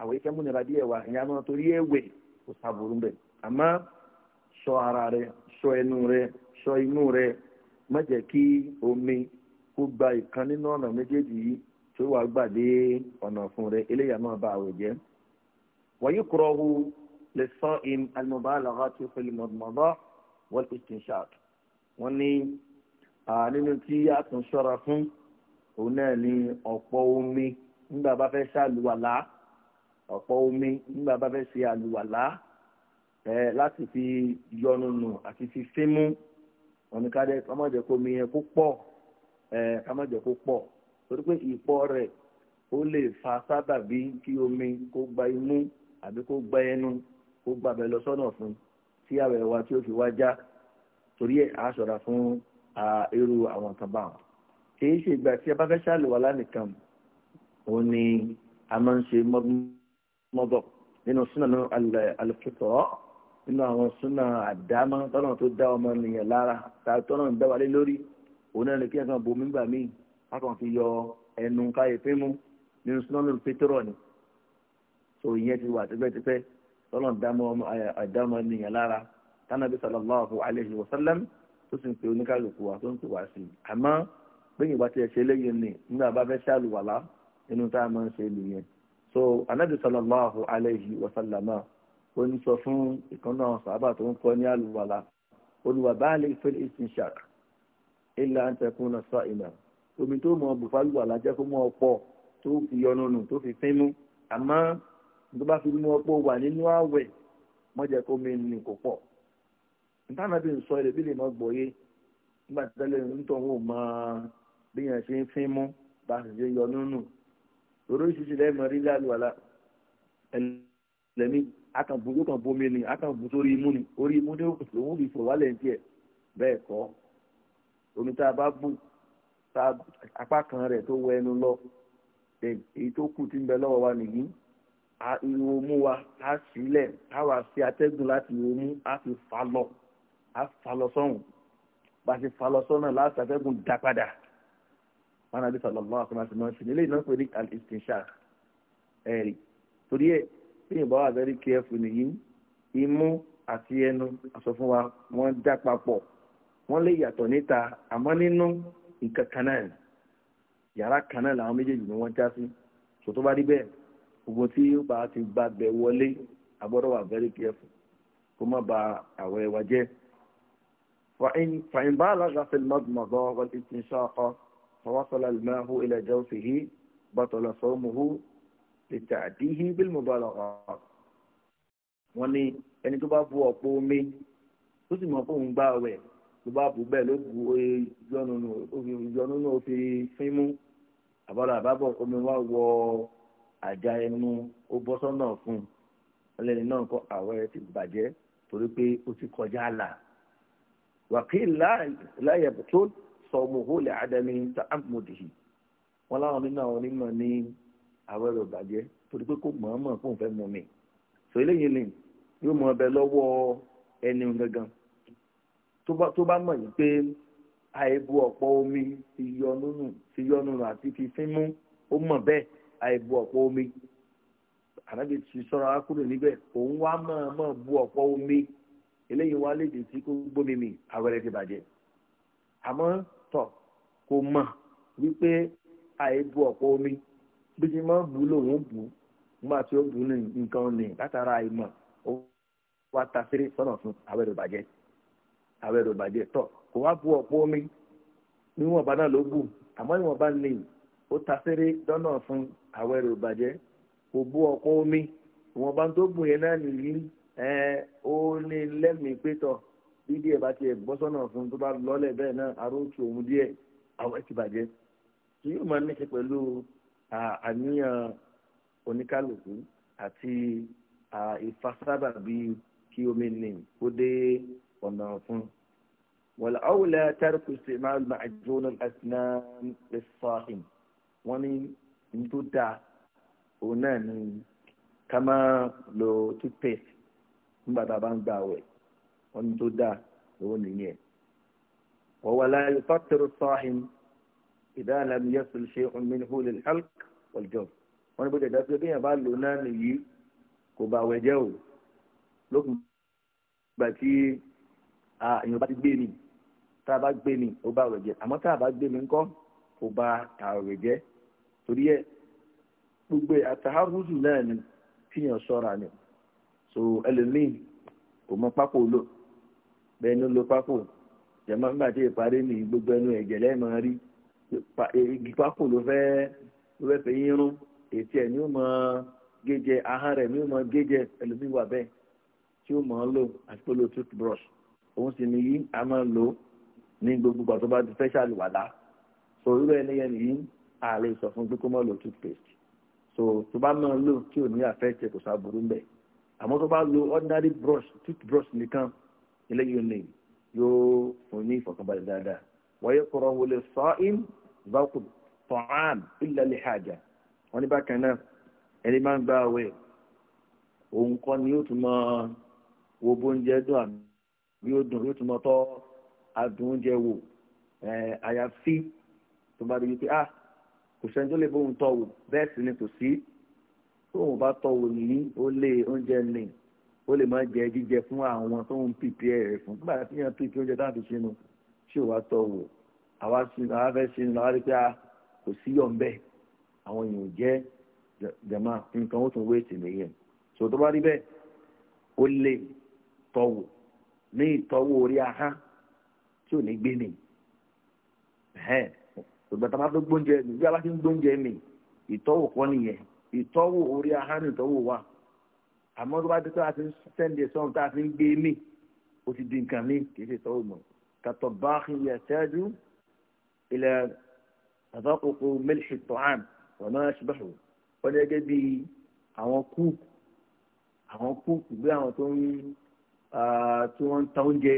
àwọn ìfẹ́ múnira díẹ̀ wa ìyẹn a máa torí ẹ̀wẹ̀ kò sábúrú ń bẹ̀ àmọ́ ṣọ́ ara rẹ ṣọ́ ẹnu rẹ ṣọ́ inú rẹ má jẹ́ kí omi kó gba ìkan nínú ọ̀nà méjèèjì yìí tó wàá gbà ọ̀nà fún rẹ eléyà máa ba àwẹ̀ jẹ́ wàyí kúrọ̀ hu lè sọ ìm alimọ̀bá àlàkà tó fẹ́ lè mọ̀ọ́dúnmọ́dọ́ nínú tí a tún ṣọ́ra fún òun náà ni ọ̀pọ̀ omi nígbà bá fẹ́ ṣàlùwàlá ọ̀pọ̀ omi nígbà bá fẹ́ ṣe àlùwàlá ẹ̀ láti fi yọnu nù àti fi fímú ọ̀nìkadẹ kámọ́jẹ̀ kó omi yẹn kó pọ̀ ẹ̀ kámọ́jẹ̀ kó pọ̀ torí pé ìpọ̀ rẹ̀ ó lè fa sábàbí kí omi kó gba imú àbí kó gba ẹnu kó gbàbẹ lọ sọ́nà fún tí àwẹ̀ wa tí ó fi wá já torí ẹ̀ á fún irú àwọn nǹkan báwọn kìí ṣe ìgbà tí a bá fẹ́ ṣàlùwàlá nìkan òun ni a máa ń ṣe mọ́bọ̀ nínú súnà alùpùpọ̀ nínú àwọn súnà àdámọ́ tọ́nà tó dá ọmọ nìyẹn lára tọ́nà ń dáwálé lórí òun náà ni kí ẹ̀kan bomi gbà míì kákan fi yọ ẹnu káyé fíìmù nínú súnà lórí pétérọ̀ ni so ìyẹn ti wà tipẹ́tipẹ́ tọ́nà dámọ́ nìyẹn lára tánàbí sallallahu alayhi wa tó sì ń pe oníkàlùkù wa tó ń pè wá sí i àmọ́ gbẹ̀yìn ìwà tí ẹ ṣe eléyìí ni nígbà bá fẹ́ ṣàlùwàlá inú tá a máa ń ṣe nìyẹn so anabi sallallahu alayhi wa sallama ó ní sọ fún ìkànnà sàábà tó ń kọ́ ní àlùwàlá olùwà báàlì fil istinshaq illa an takuna sa'iman omi tó mọ bùfálùwàlá jẹ́ kó mọ́ ọ̀pọ̀ tó fi yọnu nù tó fi fínú àmọ́ tó bá fi mú ọ̀pọ̀ wà nínú àwẹ̀ mọ́jẹ́ kó mi nì kó pọ̀ ntànàbí ń sọ ilé bí lè má gbọ́yé nígbà tí tẹ́lẹ̀ nítorí òun máa bí yẹn ṣe ń fín mú bá a sì ṣe yọ nínú oríṣiríṣi lẹ́ẹ̀mọ rí lálùwàlà ẹlẹ́mí akànbó yóò kàn bomi ni akànbó sórí imú ni orí imú ni òun fi fò wálẹ̀ díẹ̀ bẹ́ẹ̀ kọ́ omi tá a bá bù tá apá kan rẹ̀ tó wọ ẹnu lọ èyí tó kù tí ń bẹ lọ́wọ́ wa nìyí ihò mú wa á sílẹ̀ á sí atẹ́gùn láti ihò mú á fà lọ á falọ sọ́hùn bá a ti falọ sọ́nà látàtẹ́gùn dá padà wọn àbí sàlọ́lọ́ àfọmásí náà sí nílé ìnáwó pẹ̀lú al-istinshaq ẹ̀rí torí ẹ̀ bí ìbá wà very careful nìyí imú àti ẹnu àsọ fún wa wọ́n dá papọ̀ wọ́n lè yàtọ̀ níta àmọ́ nínú nǹkan kan náà yàrá kan náà làwọn méjèèjì ni wọ́n já sí sòtó bá rí bẹ́ẹ̀ gbogbo tí ó bá ti gbàgbẹ́ wọlé a gbọ́dọ̀ wà very careful kó má ba àwẹ̀ wa jẹ́ فإن, فإن بالغ في المضمضة والاستنشاق فوصل الماء إلى جوفه بطل صومه لتعديه بالمبالغة wọ́n ní ẹni tó bá bu ọ̀pọ̀ omi tó sì mọ̀ fóun gbá ọ̀wẹ̀ tó bá bu bẹ́ẹ̀ ló bu ìyọnu náà ó fi fín mú àbálọ̀ àbábọ̀ omi wá wọ àjà ẹnu ó bọ́ sọ́nà fún un ọlẹ́ni náà kọ́ àwẹ̀ ti bàjẹ́ torí pé ó ti kọjá àlà وقيل لا لا يبطل صومه لعدم تعمده wọn láwọn nínú àwọn onímọ̀ ní àwọn ẹ̀rọ ìbàjẹ́ torí pé kò mọ̀ ọ́n mọ̀ fún òfẹ́ mọ̀ mi sọ eléyìí ni yóò mọ ọbẹ̀ lọ́wọ́ ẹni gangan tó bá mọ̀ yìí pé àìbu ọ̀pọ̀ omi ti yọ nínú ti yọ nínú àti ti fín mú ó mọ̀ bẹ́ẹ̀ àìbu ọ̀pọ̀ omi ànábi ti sọ̀rọ̀ akúrò níbẹ̀ òun wá mọ̀ ọ́n mọ̀ bu ọ̀pọ̀ omi eléyìí wá léde tí kò gbómi mi àwẹ̀rẹ̀ ti bàjẹ́ àmọ́ tọ̀ kò mọ̀ wípé àìbu ọ̀pọ̀ omi bí ti máa bù lòun bù nígbà tí ó bù ní nǹkan ní látara ìmọ̀ ó wá ta sí sọ́nà fún àwẹ̀rẹ̀ bàjẹ́ àwẹ̀rẹ̀ bàjẹ́ tọ̀ kò wá bu ọ̀pọ̀ omi níwọ̀nba náà ló bù àmọ́ ìwọ̀nba ní ó ta séré dọ́nà fún àwẹ̀rẹ̀ bàjẹ́ kò bu ọ̀pọ̀ omi ìwọ̀nba tó bù yẹn náà nìyí ẹ ó ní lẹ́mìí pétọ̀ bí díẹ̀ bá tiẹ̀ bọ́ sọ́nà fún tó bá lọ́lẹ̀ bẹ́ẹ̀ náà aróòtú òun díẹ̀ àwẹ̀ ti bàjẹ́ tí yóò máa níṣe pẹ̀lú àníyàn oníkálukú àti ìfasábà bíi kí omi nì kó dé ọ̀nà fún. والأولى ترك استعمال معجون الأسنان للصائم wọ́n ní ní tó dáa òun náà ni ká máa lo toothpaste nígbà tá a bá ń gbà wẹ̀ ọdún tó dáa òun nìyẹn. ولا يفطر الصائم إذا لم يصل شيء منه للحلق والجوف wọ́n ní bó ṣe dáṣe bí yẹn bá lò náà nìyí kò bá wẹ̀ jẹ́ o lókun gbà tí èèyàn bá ti gbé ni tá a bá gbé ni ó bá wẹ̀ jẹ́ àmọ́ tá a bá gbé ni ńkọ́ kò bá àwẹ̀ jẹ́ torí ẹ̀ gbogbo àtàhárùsù náà ni tíyàn ṣọ́ra ni so ẹlòmíì kò mọ pákó lò bẹ́ẹ̀ ni ó lo pákó jẹmọ nígbà tí ìparí ní gbogbo ẹnu ẹ̀jẹ̀ lẹẹmọ rí igi pákó ló fẹ́ ló fẹ́ fẹ́ yín rún ètí ẹ ní ó mọ géjẹ ahọ́n rẹ ní ó mọ géjẹ ẹlòmíì wà bẹ́ẹ̀ tí ó mọ ọ lò àti pé ó lo toothbrush òun sì ni yìí a máa lò ní gbogbo ìgbà tó bá di fẹsàlì wàlá so irú ẹni yẹn nìyí àlè sọ fún pé kó mọ lo toothpaste so tó bá máa lò tí ò ní àfẹ́ tẹ kò sábúrú mbẹ́ẹ̀ àmọ́ tó bá lo ordinary brush toothbrush nìkan eléyìí ní yóò fún ní ìfọ̀kànbalẹ̀ dáadáa wáyé kọ̀rọ̀ wọlé sọ́ọ́ìn zákùn tọ́án illa li haja wọ́n ní bákan náà ẹni máa ń gbá àwẹ̀ òun kọ́ ni yóò tún mọ wo bóúnjẹ dùn àbí yóò dùn yóò tún tọ́ adùn wò àyàfi tó bá rí i pé ah kò sẹ́ni tó lè bóun tọ́ wò bẹ́ẹ̀ sì ni kò sí tóun bá tọ wò ní ó lé oúnjẹ lè ó lè má jẹ jíjẹ fún àwọn tó ń pìpì ẹ rẹ fún nígbà tí yẹn pìpì oúnjẹ táwọn fi sínú tí ò wá tọ wò àwa fẹ́ sínú àwa rí pé a ah, kò sí yọ̀ ńbẹ́ àwọn èèyàn ò jẹ́ jẹ̀má nǹkan ó tún wé sí mi yẹn sọ tó bá rí bẹ́ẹ̀ ó lè tọ wò ní ìtọ́wò orí ahá tí ò ní gbé mi ṣùgbọ́n tá tó gbóúnjẹ bí a gbóúnjẹ mi ìtọ́wò kọ́ nìyẹn ìtọ́wò orí ahánú ìtọ́wò wa àmọ́ tó bá dé tó a ti ń sẹ́ndì sọ́run tá a ti ń gbé mì ó ti di nǹkan mì kì í ṣe ìtọ́wò mọ̀ kàtọ́ báàkì yẹ sẹ́jú ilẹ̀ àtọ́kùkù mílíṣì tọ́hán ọ̀nà ṣùgbọ́n wọ́n ní gẹ́gẹ́ bí àwọn kúùkù àwọn kúùkù bí àwọn tó ń tí wọ́n ń ta oúnjẹ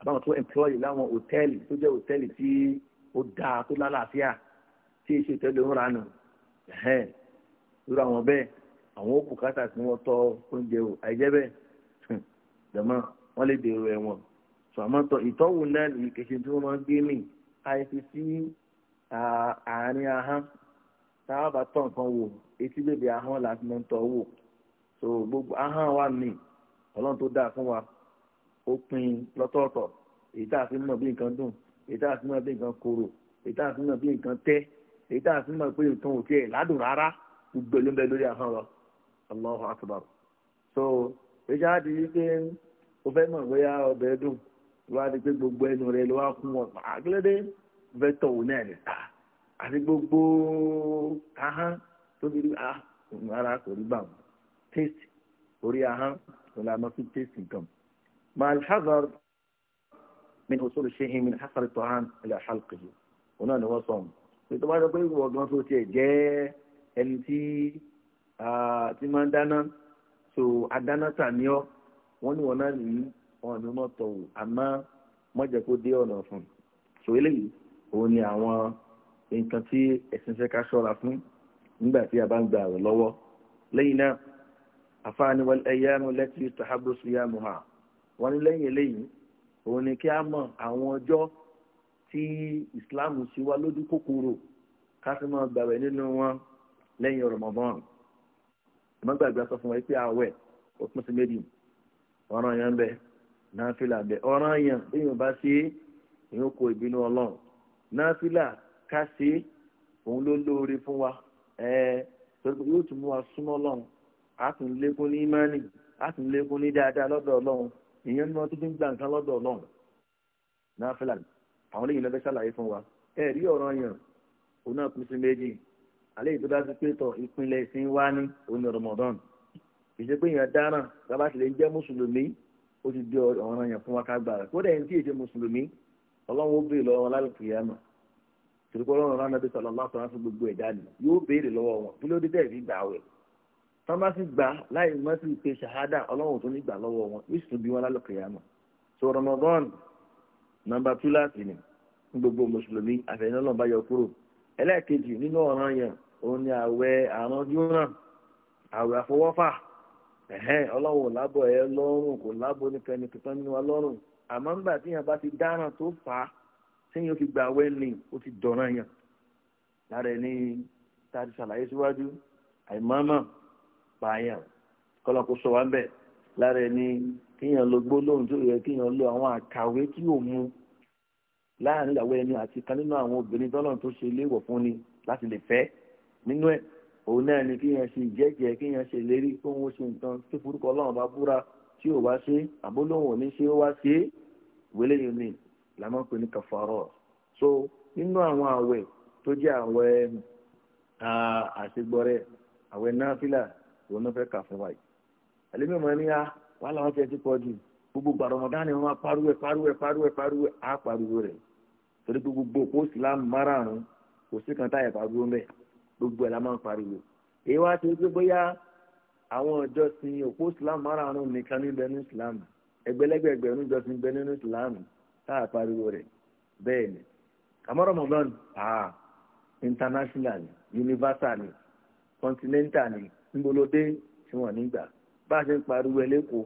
àbáwọn tó ẹ̀mplọ́yì láwọn hòtẹ́ẹ̀lì tó jẹ́ hòtẹ́ẹ̀lì tí ó dáa tó lálàáfíà tí èsì ẹ̀hẹ́n irú àwọn bẹ́ẹ̀ àwọn ó bùkátà tí wọ́n tọ́ oúnjẹ o àìjẹ́ bẹ́ẹ̀ jọ̀mọ́ wọ́n lè dèrò ẹ̀wọ̀n sọ̀mọ́tọ̀ ìtọ́wò náà ní kèṣe tí wọ́n máa ń gbé mì àìsí sí àárín ahọ́n a bá tọ̀ nǹkan wò etí bèbè ahọ́n láti máa ń tọ́ wò so gbogbo ahọ́n wa mì ọlọ́run tó dáa fún wa ó pin lọ́tọ̀ọ̀tọ̀ èyí tá a fi mọ̀ bí nǹkan dùn èyí tá a fi mọ̀ bí nǹkan korò èyí tá a fi mọ̀ bí nǹkan tẹ́ èyí tá a fi mọ̀ pé nǹkan ò tiẹ̀ ládùn rárá gbogbo ló ń bẹ lórí ahọ́n wa Allahu akbar so ìjà ti yí pé o fẹ́ mọ̀ bóyá ọbẹ̀ dùn wá di pé gbogbo ẹnu rẹ ló wá kún wọn àgílédé fẹ́ tọ̀ òun náà nìta àti gbogbo ahọ́n tó fi rí ah rárá kò rí báwọn taste orí ahọ́n ló la máa fi taste mal hazard min usul shay'in min hasar at-ta'am ila halqihi ni wọ́n sọ̀rọ̀ tó bá sọ pé ìwọ gan tó tiẹ̀ jẹ́ ẹni tí tí máa ń dáná so adáná tà ní ọ wọ́n ní wọn náà nìyí wọn ní wọn tọ̀ wò àmọ́ mọ́jẹ́ kó dé ọ̀nà fún so eléyìí òun ni àwọn nǹkan tí ẹ̀sìn fẹ́ ká ṣọ́ra fún nígbà tí a bá ń gba àwẹ̀ lọ́wọ́ lẹ́yìn náà àfáàní wal ayyamu allati yustahabbu siyamuha wọ́n ní lẹ́yìn eléyìí òun ni kí a mọ̀ àwọn ọjọ́ tí islam ṣe wa lójú kòkòrò ká gbàwẹ̀ nínú wọn lẹ́yìn sọ fún wa pé àwẹ̀ ó pín sí méjì ọ̀ràn yẹn ń bẹ bẹ ọ̀ràn yẹn bá ṣe ìbínú ọlọ́run ká ṣe òun ló lóore fún wa wa súnmọ́ ọlọ́run lékún ní lékún ní dáadáa lọ́dọ̀ ọlọ́run ìyẹn ní wọn tún ń gbà nǹkan àwọn eléyìí lọ́fẹ́ ṣàlàyé fún wa ẹ rí ọ̀ràn yàn òun náà pín sí méjì àlẹ́ yìí tó dájú pé tọ̀ ìpínlẹ̀ sí wá ní òun Ramadan kì í ṣe pé èèyàn dáràn bàbá tilẹ̀ ń jẹ́ mùsùlùmí ó ti di ọ̀ràn yàn fún wa ká gbà rẹ̀ kódà ẹni tí èdè mùsùlùmí ọlọ́run ó béèrè lọ́wọ́ lálùkìyàmà tìrìkọ́ ọlọ́run rán nàbí sọ̀rọ̀ nọ́mbà tú láti ní gbogbo mùsùlùmí àfẹnà lọ́nà bá yọ kúrò ẹlẹ́ẹ̀kejì nínú ọ̀ràn yẹn òun ni àwẹ̀ àrùn júnà àwẹ̀ àfọwọ́fà ẹ̀hẹ́n ọlọ́run lábọ̀ ẹ lọ́rùn kò lábọ̀ oníkẹ́ni tuntun nínú wa lọ́rùn àmọ́ nígbà tí yẹn bá ti dáràn tó fà á sẹ́yìn ó ti gba àwẹ̀ ní ó ti dọ̀ràn yẹn lára ẹni tá a ti ṣàlàyé síwájú àìmọ́mọ́ pààyàn kọ́lọ́ sọ wá bẹ́ẹ̀ lára ẹni kíyàn lo gbólóhùn tó yẹ kíyàn lo àwọn àkàwé tí ò mu láàrin ìyàwó ẹni àti kan nínú àwọn obìnrin tọ́lọ̀ tó ṣe léèwọ̀ fún ni láti lè fẹ́ nínú ẹ̀ òun náà ni kíyàn ṣe ìjẹ́jẹ́ kíyàn ṣe lérí kó wọ́n ṣe nǹkan tí forúkọ ọlọ́run bá búra tí ò wá ṣe àbólóhùn ní ṣe ó wá ṣe wẹ́lẹ́ yìí ni làmọ́ pé ní kàfàrọ̀ so nínú àwọn àwẹ̀ tó jẹ́ àwẹ̀ àṣegbọ́rẹ́ àwẹ̀ náfìlà òun náà fẹ́ kà fún wa yìí àlébìmọ̀ ní a wàhálà wọn torí pé gbogbo òpó ìsìlámù márààrún kò sí kan táyà pariwo mbẹ gbogbo ẹ̀ la máa ń pariwo èyí wá ti pé bóyá àwọn ìjọsìn òpó ìsìlámù márààrún nìkan ní bẹ ní ìsìlámù ẹgbẹ̀lẹ́gbẹ̀ ẹgbẹ̀rún ìjọsìn bẹ nínú ìsìlámù táyà pariwo rẹ̀ bẹ́ẹ̀ ni àmọ́ Ramadan ah international universal ni continental ni ńbolódé tí wọ́n nígbà bá a ṣe ń pariwo ẹ lẹ́kọ̀ọ́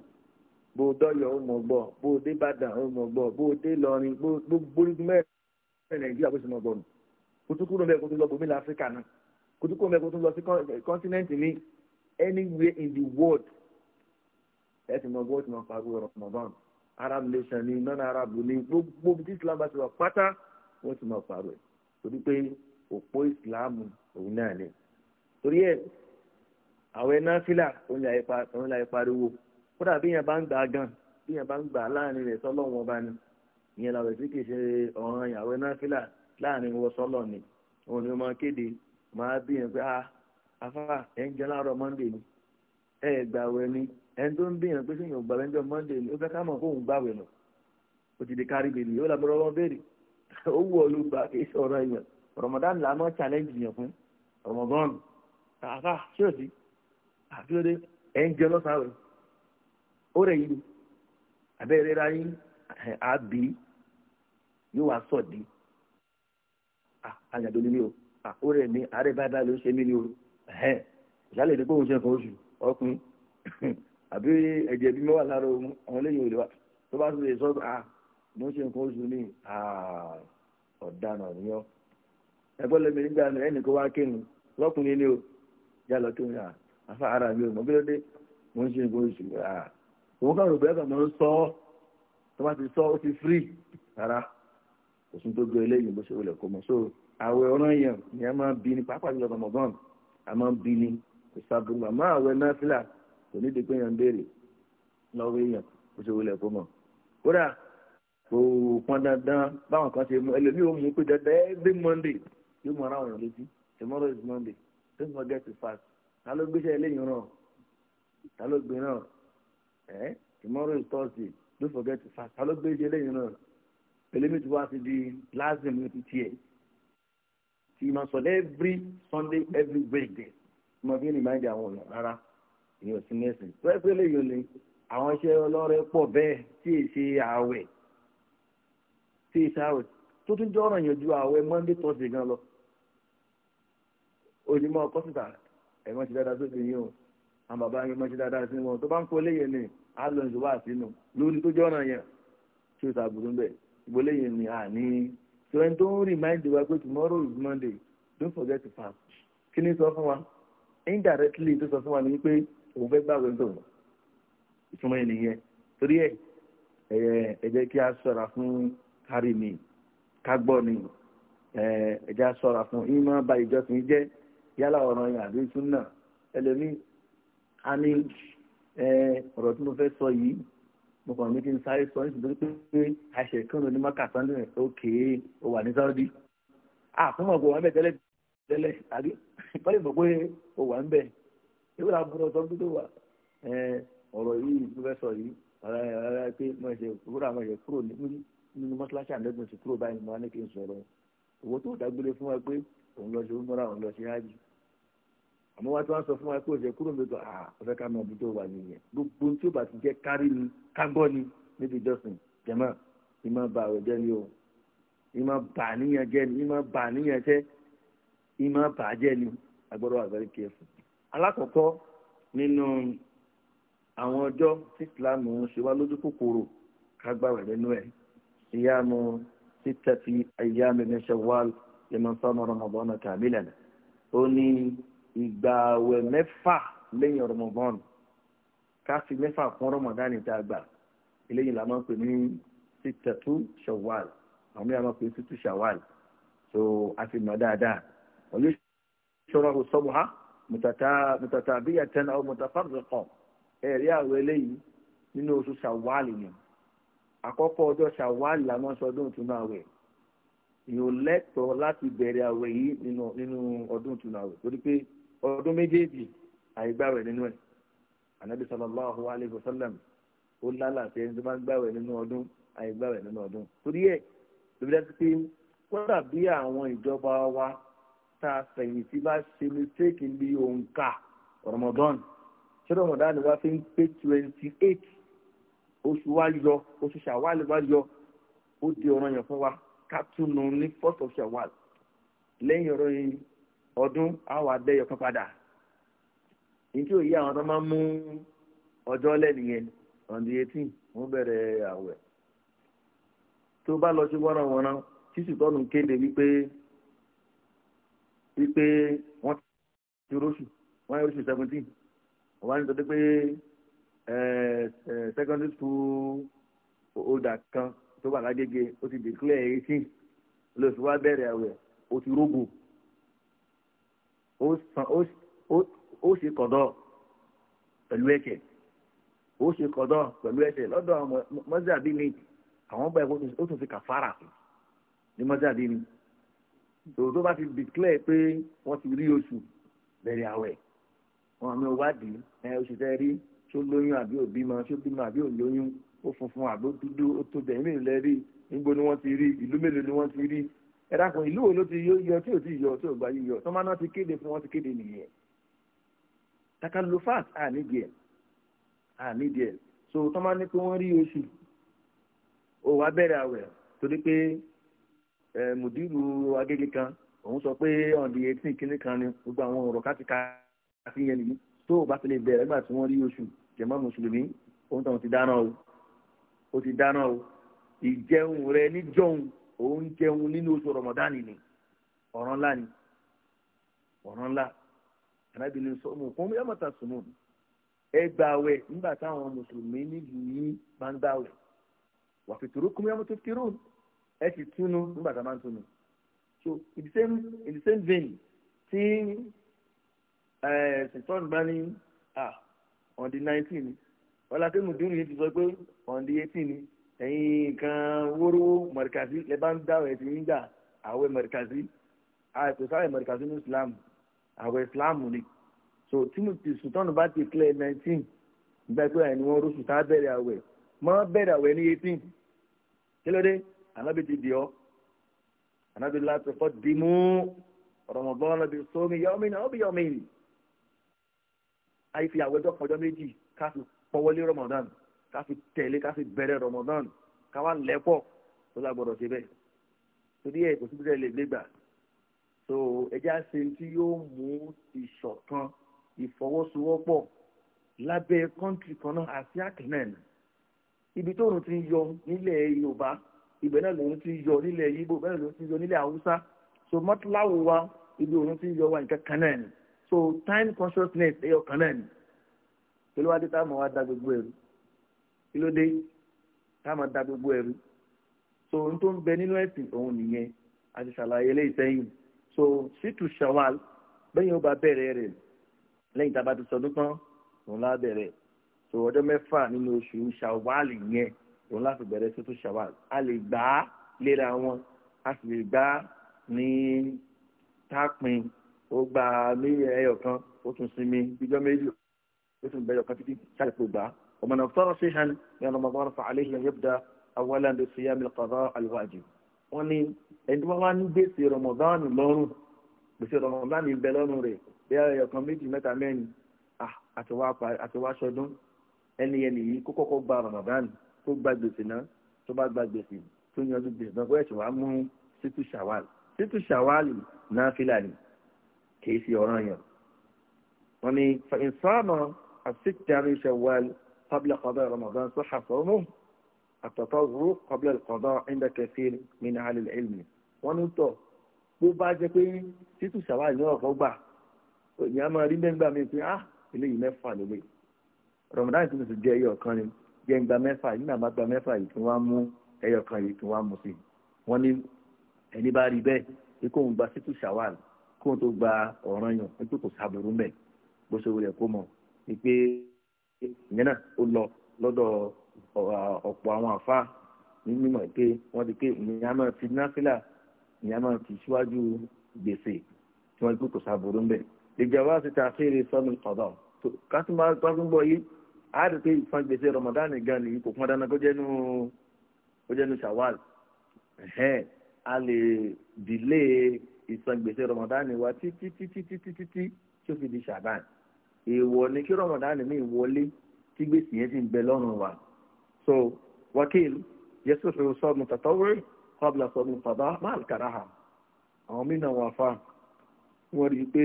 bó o dọ́yọ̀ ó mọ̀ gbọ́ bó o dé Ìbàdàn ó mọ̀ gbọ́ bó o dé Ìlọrin gbogbo mẹ́rin ní nàìjíríà bó ṣe mọ gbọnù kótó kúrò bẹ́ẹ̀ kótó lọ bòmí la áfíríkà náà kótó kúrò bẹ́ẹ̀ kótó lọ sí kọ́ńtínẹ́ǹtì eh, ní anywhere in the world ẹ ti mọ gbọ́ ti mọ pariwo ramadan arab nation ní nọ́nà arab ní gbogbo bí islam bá ti wà pátá wọ́n ti mọ pariwo ẹ̀ torí pé òpó islam òun náà ni torí ẹ̀ àwọn iná fílà òun là ẹ pariwo kódà bí yẹn bá ń gbà gan bí yẹn bá ń gbà láàrin rẹ̀ sọ́lọ́wọ́n bá ní ìyẹn làwẹ̀ tí kì í ṣe ọ̀ràn ìyàwó náfìlà láàrin wọ sọ́lọ̀ ni òun ni mo kéde máa bí yẹn pé a ah, afárá ẹ̀ ń jẹ láàárọ̀ monday ni ẹ̀ gbàwẹ̀ ni ẹ̀ tó ń bí yẹn pé sèyàn gbàwẹ̀ ńjọ monday ni ó fẹ́ ká mọ̀ kóun gbàwẹ̀ nù ó ti di kárí bèrè ó làbọ̀rọ̀ wọn béèrè ó wù ọ́ ló gbà kì í sọ̀rọ̀ yẹn rọmọdán là mọ́ challenge yẹn fún rọmọdán àfà ṣéòsì àfihàn ẹ̀ ń jẹ lọ́sàáwẹ̀ ó rẹ̀ yìí abẹ́rẹ́ àbí yóò wá sọ̀dí àyàdó nílé o ó rẹ̀ ní àárẹ̀ báyìí báyìí ló ń ṣe mí ní o ìṣàlẹ̀ ìdíkò òun ṣe nǹkan oṣù ọkùnrin [LAUGHS] àbí ẹ̀jẹ̀ bí mẹ́wàá lára ohun àwọn eléyìí òde wa tó bá tún lè sọ à ló ń ṣe nǹkan oṣù ní ọ̀daràn níyàn ẹgbẹ́ lẹ́mi nígbà ẹnì kan wá kírun lọ́kùnrin ni o já lọ kírun à àfa ara mi ò mọ bílẹ̀ dé mo ń ṣe nǹkan oṣù à òun kàn rò bẹ́ẹ̀ kàn mọ́ ń sọ tó bá ti sọ ó ti fírì rárá kò tó gbé eléyìí bó ṣe wọlé kó mọ so àwẹ̀ ọ̀ràn yẹn ni a máa bí ni pàápàá jùlọ Ramadan a máa bí ni kò sábúrú àmọ́ àwẹ̀ náfìlà kò ní di yẹn ń béèrè lọ́wọ́ èèyàn bó ṣe wọlé kó mọ kódà kò pọn dandan báwọn kan ṣe mú ẹlòmíì ò mú pé dandan every Monday yóò mọ ara wọn létí tomorrow is Monday don't forget to fast ta ló gbéṣẹ́ eléyìí ràn ta ló gbé náà tomorrow is Thursday don't forget to fast ta ló gbéṣẹ́ eléyìí ràn pẹ̀lẹ́mì tí wọ́n ti di lásìmù ti tiẹ̀ tí ma sọ every sunday every wednesday tí mo fi ń rìmáìdì àwọn ọ̀nà rárá èèyàn sí mẹ́sìn pẹ́ẹ́pẹ́ lè yọlé àwọn iṣẹ́ ọlọ́rẹ́ pọ̀ bẹ́ẹ̀ tí è ṣe ààwẹ̀ tí è ṣe ààwẹ̀ tó tún jẹ́ ọ̀ràn yẹn ju ààwẹ̀ monday thursday gan lọ onímọ̀ kọ́sìtà ẹ̀wọ̀n ti dáadáa sóde yìí o àwọn bàbá yẹn mọ̀ ti dáadáa sí wọn tó bá ń kó léyìn ni á lọ ìṣòwò àtinú lórí tó jẹ́ ọ̀ràn yẹn tí ó ṣàbùrú bẹ́ẹ̀ ìgbélé yìí ni àní so ẹni tó ń remind wa pé tomorrow is monday don't forget to pass. kí ni sọ fún wa indirectly tó sọ fún wa ni wípé òun fẹ́ gbàgbé tó wọn ìtumọ̀ yẹn nìyẹn torí ẹ ẹ jẹ́ kí a ṣọ́ra fún kárí mi ká gbọ́ ni ẹ a ṣọ́ra fún ìmọ̀ bá ìjọsìn jẹ́ yálà ọ̀ràn yẹn àbí sunna ẹlẹ́mí a ní ọ̀rọ̀ tí mo fẹ́ sọ yìí mo kàn ní kí n sáré sọ nítorí pé àṣẹ kan ní mọ́kà sunday rẹ̀ ókè ó wà ní saudi àfúnmọ̀ kò wà ń bẹ̀ tẹ́lẹ̀ tẹ́lẹ̀ àbí wọ́n lè mọ̀ pé ó wà ń bẹ̀ ewu la gbọ́dọ̀ sọ pé tó wà ọ̀rọ̀ yìí ló fẹ́ sọ yìí ọ̀rọ̀ ẹ̀ pé mo ṣe kúrò àwọn ẹ̀ṣẹ̀ kúrò nínú mọ́ṣáláṣí àndẹ́gbọ̀n sí kúrò báyìí mo wá ní kí n sọ̀rọ̀ owó tó dàgbére fún wa pé òun lọ ṣe ó mọ́ra òun lọ ṣe ájì àmọ́ wá tí wọ́n sọ fún wa pé òṣè kúrò ní ọ̀tọ̀ ọ̀fẹ́ ah, ká mọ ibi tó wà nìyẹn gbogbo tí ó bá ti jẹ́ kárí ni kágbọ́ ni níbi ìjọsìn jẹ̀mọ́ ìmọ̀ bá àwẹ̀ jẹ́ ni o ìmọ̀ bà níyàn jẹ́ ni ìmọ̀ bà níyàn jẹ́ ìmọ̀ bà jẹ́ ni agbọ́dọ̀ wà very careful. alákọ̀ọ́kọ́ nínú àwọn ọjọ́ tí Islam ń ṣe wá lójú kòkòrò kágbàwẹ̀ nínú ẹ̀ ìyá mu títẹ̀ fi ìgbà àwẹ̀ mẹ́fà lẹ́yìn Ramadan ká fi mẹ́fà fún ni ní ta gbà eléyìí la máa ń pè ní sítẹ̀tù Shawwal àwọn mìíràn máa ń pè ní sítẹ̀tù Shawwal so a ti mọ̀ dáadáa wọ́n ṣọ́ra kò sọ́mu ha mùtàtà bíyà tẹ́nà ọ mùtàfàrùkọ̀ ẹ̀rí àwẹ̀ eléyìí nínú oṣù Shawwal ni àkọ́kọ́ ọjọ́ Shawwal la máa ń sọ ọdún ìtúnú àwẹ̀ yóò lẹ́tọ̀ọ́ láti bẹ̀rẹ̀ àwẹ̀ yìí nínú ọdún ìtúnú àwẹ̀ torí pé ọdún méjèèjì àìgbàwẹ̀ nínú ẹ̀ anabi sallallahu alayhi wa sallam ó lálàáfíà ẹni tó bá ń gbàwẹ̀ nínú ọdún àìgbàwẹ̀ nínú ọdún torí ẹ̀ lóbi dájú pé kódà bí àwọn ìjọba wa tá fẹ̀yìntì bá ṣe mistake bí òǹkà ramadan ṣé ramadan wa fi ń pé twenty eight oṣù wa yọ oṣù ṣàwálì wa yọ ó di ọ̀ranyàn fún wa ká tún nù ní first of ṣàwálì lẹ́yìn ọ̀rọ̀ yẹn ọdún á wà dẹ́yọ padà nítorí òye àwọn tó máa ń mú ọjọ́ lẹ́nìyẹn on the eighteen wọ́n bẹ̀rẹ̀ àwẹ̀ tó bá lọ sí wọ́nàwọ́nà títí tọ́nu kéde wípé wípé wọ́n ti orosu wọ́n yẹ oṣù seventeen wọ́n wá nítorí pé secondary school older kan tó wà lágbègbè ó ti declare eighteen lóṣù wá bẹ̀rẹ̀ àwẹ̀ ó ti rógò. ó ṣe kọ̀dọ̀ pẹ̀lú ẹ̀ṣẹ̀ ó ṣe kọ̀dọ̀ pẹ̀lú ẹ̀ṣẹ̀ lọ́dọ̀ mọ́sàbí mi àwọn ọgbà ẹ̀kọ́ ó tún fi kàfàrà ní mọ́sàbí mi tòun tó bá ti declare pé wọ́n ti rí oṣù bẹ̀rẹ̀ àwẹ̀ wọn àmì ìwádìí ẹ oṣù tẹ́ rí tó lóyún àbí ò bímọ tó bímọ àbí ò lóyún ó funfun àbí ó dúdú ó tó bẹ̀rẹ̀ mélòó lẹ́rí níbo ni wọ́n ti rí ìlú mélòó ni wọ́n ti rí ẹ̀dàkùn ìlú wo ló ti yọ tí ò ti yọ tí ò gba yíyọ tó máa ná ti kéde fún wọn ti kéde nìyẹn takalofat ànídìí ẹ̀ ànídìí ẹ̀ so tó máa ní pé wọ́n rí oṣù ó wá bẹ̀rẹ̀ àwẹ̀ torí pé ẹ̀ mùdírù agége kan òun sọ pé ọ̀dì etí kínní kan ni gbogbo àwọn ọ̀rọ̀ káàkiri àti yẹn nìyí tó o bá fi lè bẹ̀rẹ̀ nígbà tí wọ́n rí oṣù jẹ̀mọ́ mùsùlùmí òun tàn ti dáná o ó ti dáná o ìjẹun rẹ níjọ́un òun jẹun nínú oṣù rọmọdánì ni ọ̀ràn ńlá ni ọ̀ràn ńlá arábìnrin sọ ọmọ òkun yóò mọ̀ta sùn mọ́ ẹ gba àwẹ̀ nígbà táwọn mùsùlùmí nílùú yìí máa ń gbàwẹ̀ wà fìtúrú kún yóò mọ̀tò kírun ẹ sì túnú nígbà tá a máa ń túnú so in the same in the same vein tí ṣètọ́nù bá ní ah, on the nineteen ọlá tẹ́mùdúrú yìí ti sọ pé on the eighteen ẹ̀yin kan wórówó mọ̀rìkàsí lè bá ń dáwọ̀ ẹ̀ tí ń gbà àwẹ̀ mọ̀rìkàsí àìsàn sáwẹ̀ mọ̀rìkàsí ní islam àwẹ̀ islam ni so timothy sultan bá ti clear nineteen nígbà pé àìní wọn rúṣù tá a bẹ̀rẹ̀ àwẹ̀ mọ́ bẹ̀rẹ̀ àwẹ̀ ní eighteen kí ló dé anábì ti dì ọ́ anábì láti fọ́ dìmú rọmọbọ́n anábì sómi yọmi náà ó bí yọmi àyè fi àwẹ̀ jọ pọ̀jọ́ méjì ká fi pọ́wọ́lé rọmọdán ká fi tẹ̀lé ká fi bẹ̀rẹ̀ Ramadan ká wá lẹ́pọ̀ tó lágbọ́dọ̀ ṣe bẹ́ẹ̀ torí ẹ̀ kò síbi rẹ̀ lè gbégbà so ẹja ṣe tí yóò mú ìṣọ̀kan ìfọwọ́sowọ́pọ̀ lábẹ́ kọ́ńtì kan náà àti àkìnẹ́ẹ̀n ibi tó òun ti yọ nílẹ̀ Yorùbá ibẹ̀ náà lòun ti yọ nílẹ̀ Yíbò bẹ́ẹ̀ lòun ti yọ nílẹ̀ Haúsá so mọ́tíláwò wa ibi òun ti yọ wa nǹkan kan náà ni so time consciousness ẹ̀yọ̀ kan náà ni pẹ̀lú adé táwọn wa da gbogbo ẹ̀rù kí ló dé ká máa da gbogbo ẹ̀rú so ohun tó ń bẹ nínú ẹ̀sìn òun nìyẹn a ṣàlàyé eléyìí sẹ́yìn so sítù shawal bẹ́yìn ó bá bẹ̀rẹ̀ rẹ̀ lẹ́yìn tá a sọdún tán òun lá bẹ̀rẹ̀ so ọjọ́ mẹ́fà nínú oṣù ṣàwàl yẹn òun lá fi bẹ̀rẹ̀ sítù ṣàwàl a lè gbà á léra wọn a sì lè gbà á ní tápin ó gba ẹyọ kan ó tún sinmi bíjọ́ méjì ó tún bẹ̀rẹ̀ ọ̀kan títí ṣàlẹ̀ kó gbà á. ومن أفطر صحيحا من رمضان فعليه أن يبدأ أولا بصيام القضاء الواجب wọ́n ní ẹni wọ́n wá ní gbèsè rọmọdán lọ́rùn gbèsè rọmọdán ìbẹ̀ lọ́rùn rẹ̀ bí ẹyọ kan méjì mẹ́ta mẹ́rin àtiwá sọdún ẹni yẹn nìyí kó kọ́kọ́ gba rọmọdán tó gba gbèsè náà tó bá gba gbèsè tó yanjú gbèsè náà kó ẹ̀sìn wá mú sítú ṣàwálì sítú ṣàwálì náà fílàní kìí ṣe ọ̀ràn yẹn wọ́n ní fa ìsọ́nà àti tẹ̀rí ṣàwálì قبل قضاء رمضان صح صومه التطوع قبل القضاء عند كثير من أهل العلم ونطو bó bá jẹ pé títù ṣàwá ìlú ọ̀fọ́ gbà èèyàn máa rí mẹ́ngbà mi pé ah eléyìí mẹ́fà lélẹ̀ ramadan tó ti jẹ ẹyọ kan ni jẹ ń gba mẹ́fà yìí náà bá gba mẹ́fà yìí kí wọ́n á mú ẹyọ kan yìí kí wọ́n á mú sí i wọ́n ní ẹni bá rí bẹ́ẹ̀ pé kóun gba títù ṣàwá kóun tó gba ọ̀ranyàn pé kò sábòrú mẹ́ bó ṣe wọlé kó mọ̀ ni pé ìyẹn náà ó lọ lọ́dọ̀ ọ̀pọ̀ àwọn àfa ní mímọ̀ pé wọ́n ti pé ìyẹn á máa fi náfìlà ìyẹn á máa fi síwájú gbèsè tí wọ́n gbé kò sábòrò ń bẹ̀. ìjọba ti ta fèrè sọ́nù ọ̀dọ̀ kásìmọ́ gbọ́ yìí á rí pé ìfọn gbèsè Ramadan gan ni kò pọn dandan kó jẹ́ nu Shawwal a lè dìlé ìsan gbèsè Ramadan wa títí títí títí tí ó fi di Ṣàbáàn èèwọ̀ ni kí rọmọdánù mi wọlé tí gbèsè yẹn ti ń bẹ lọ́rùn wa so wakil yẹsùn fi sọmù tàtọwé kọbla sọmù fàdá máàl kàráhà àwọn mí náà wà fà wọn rí i pé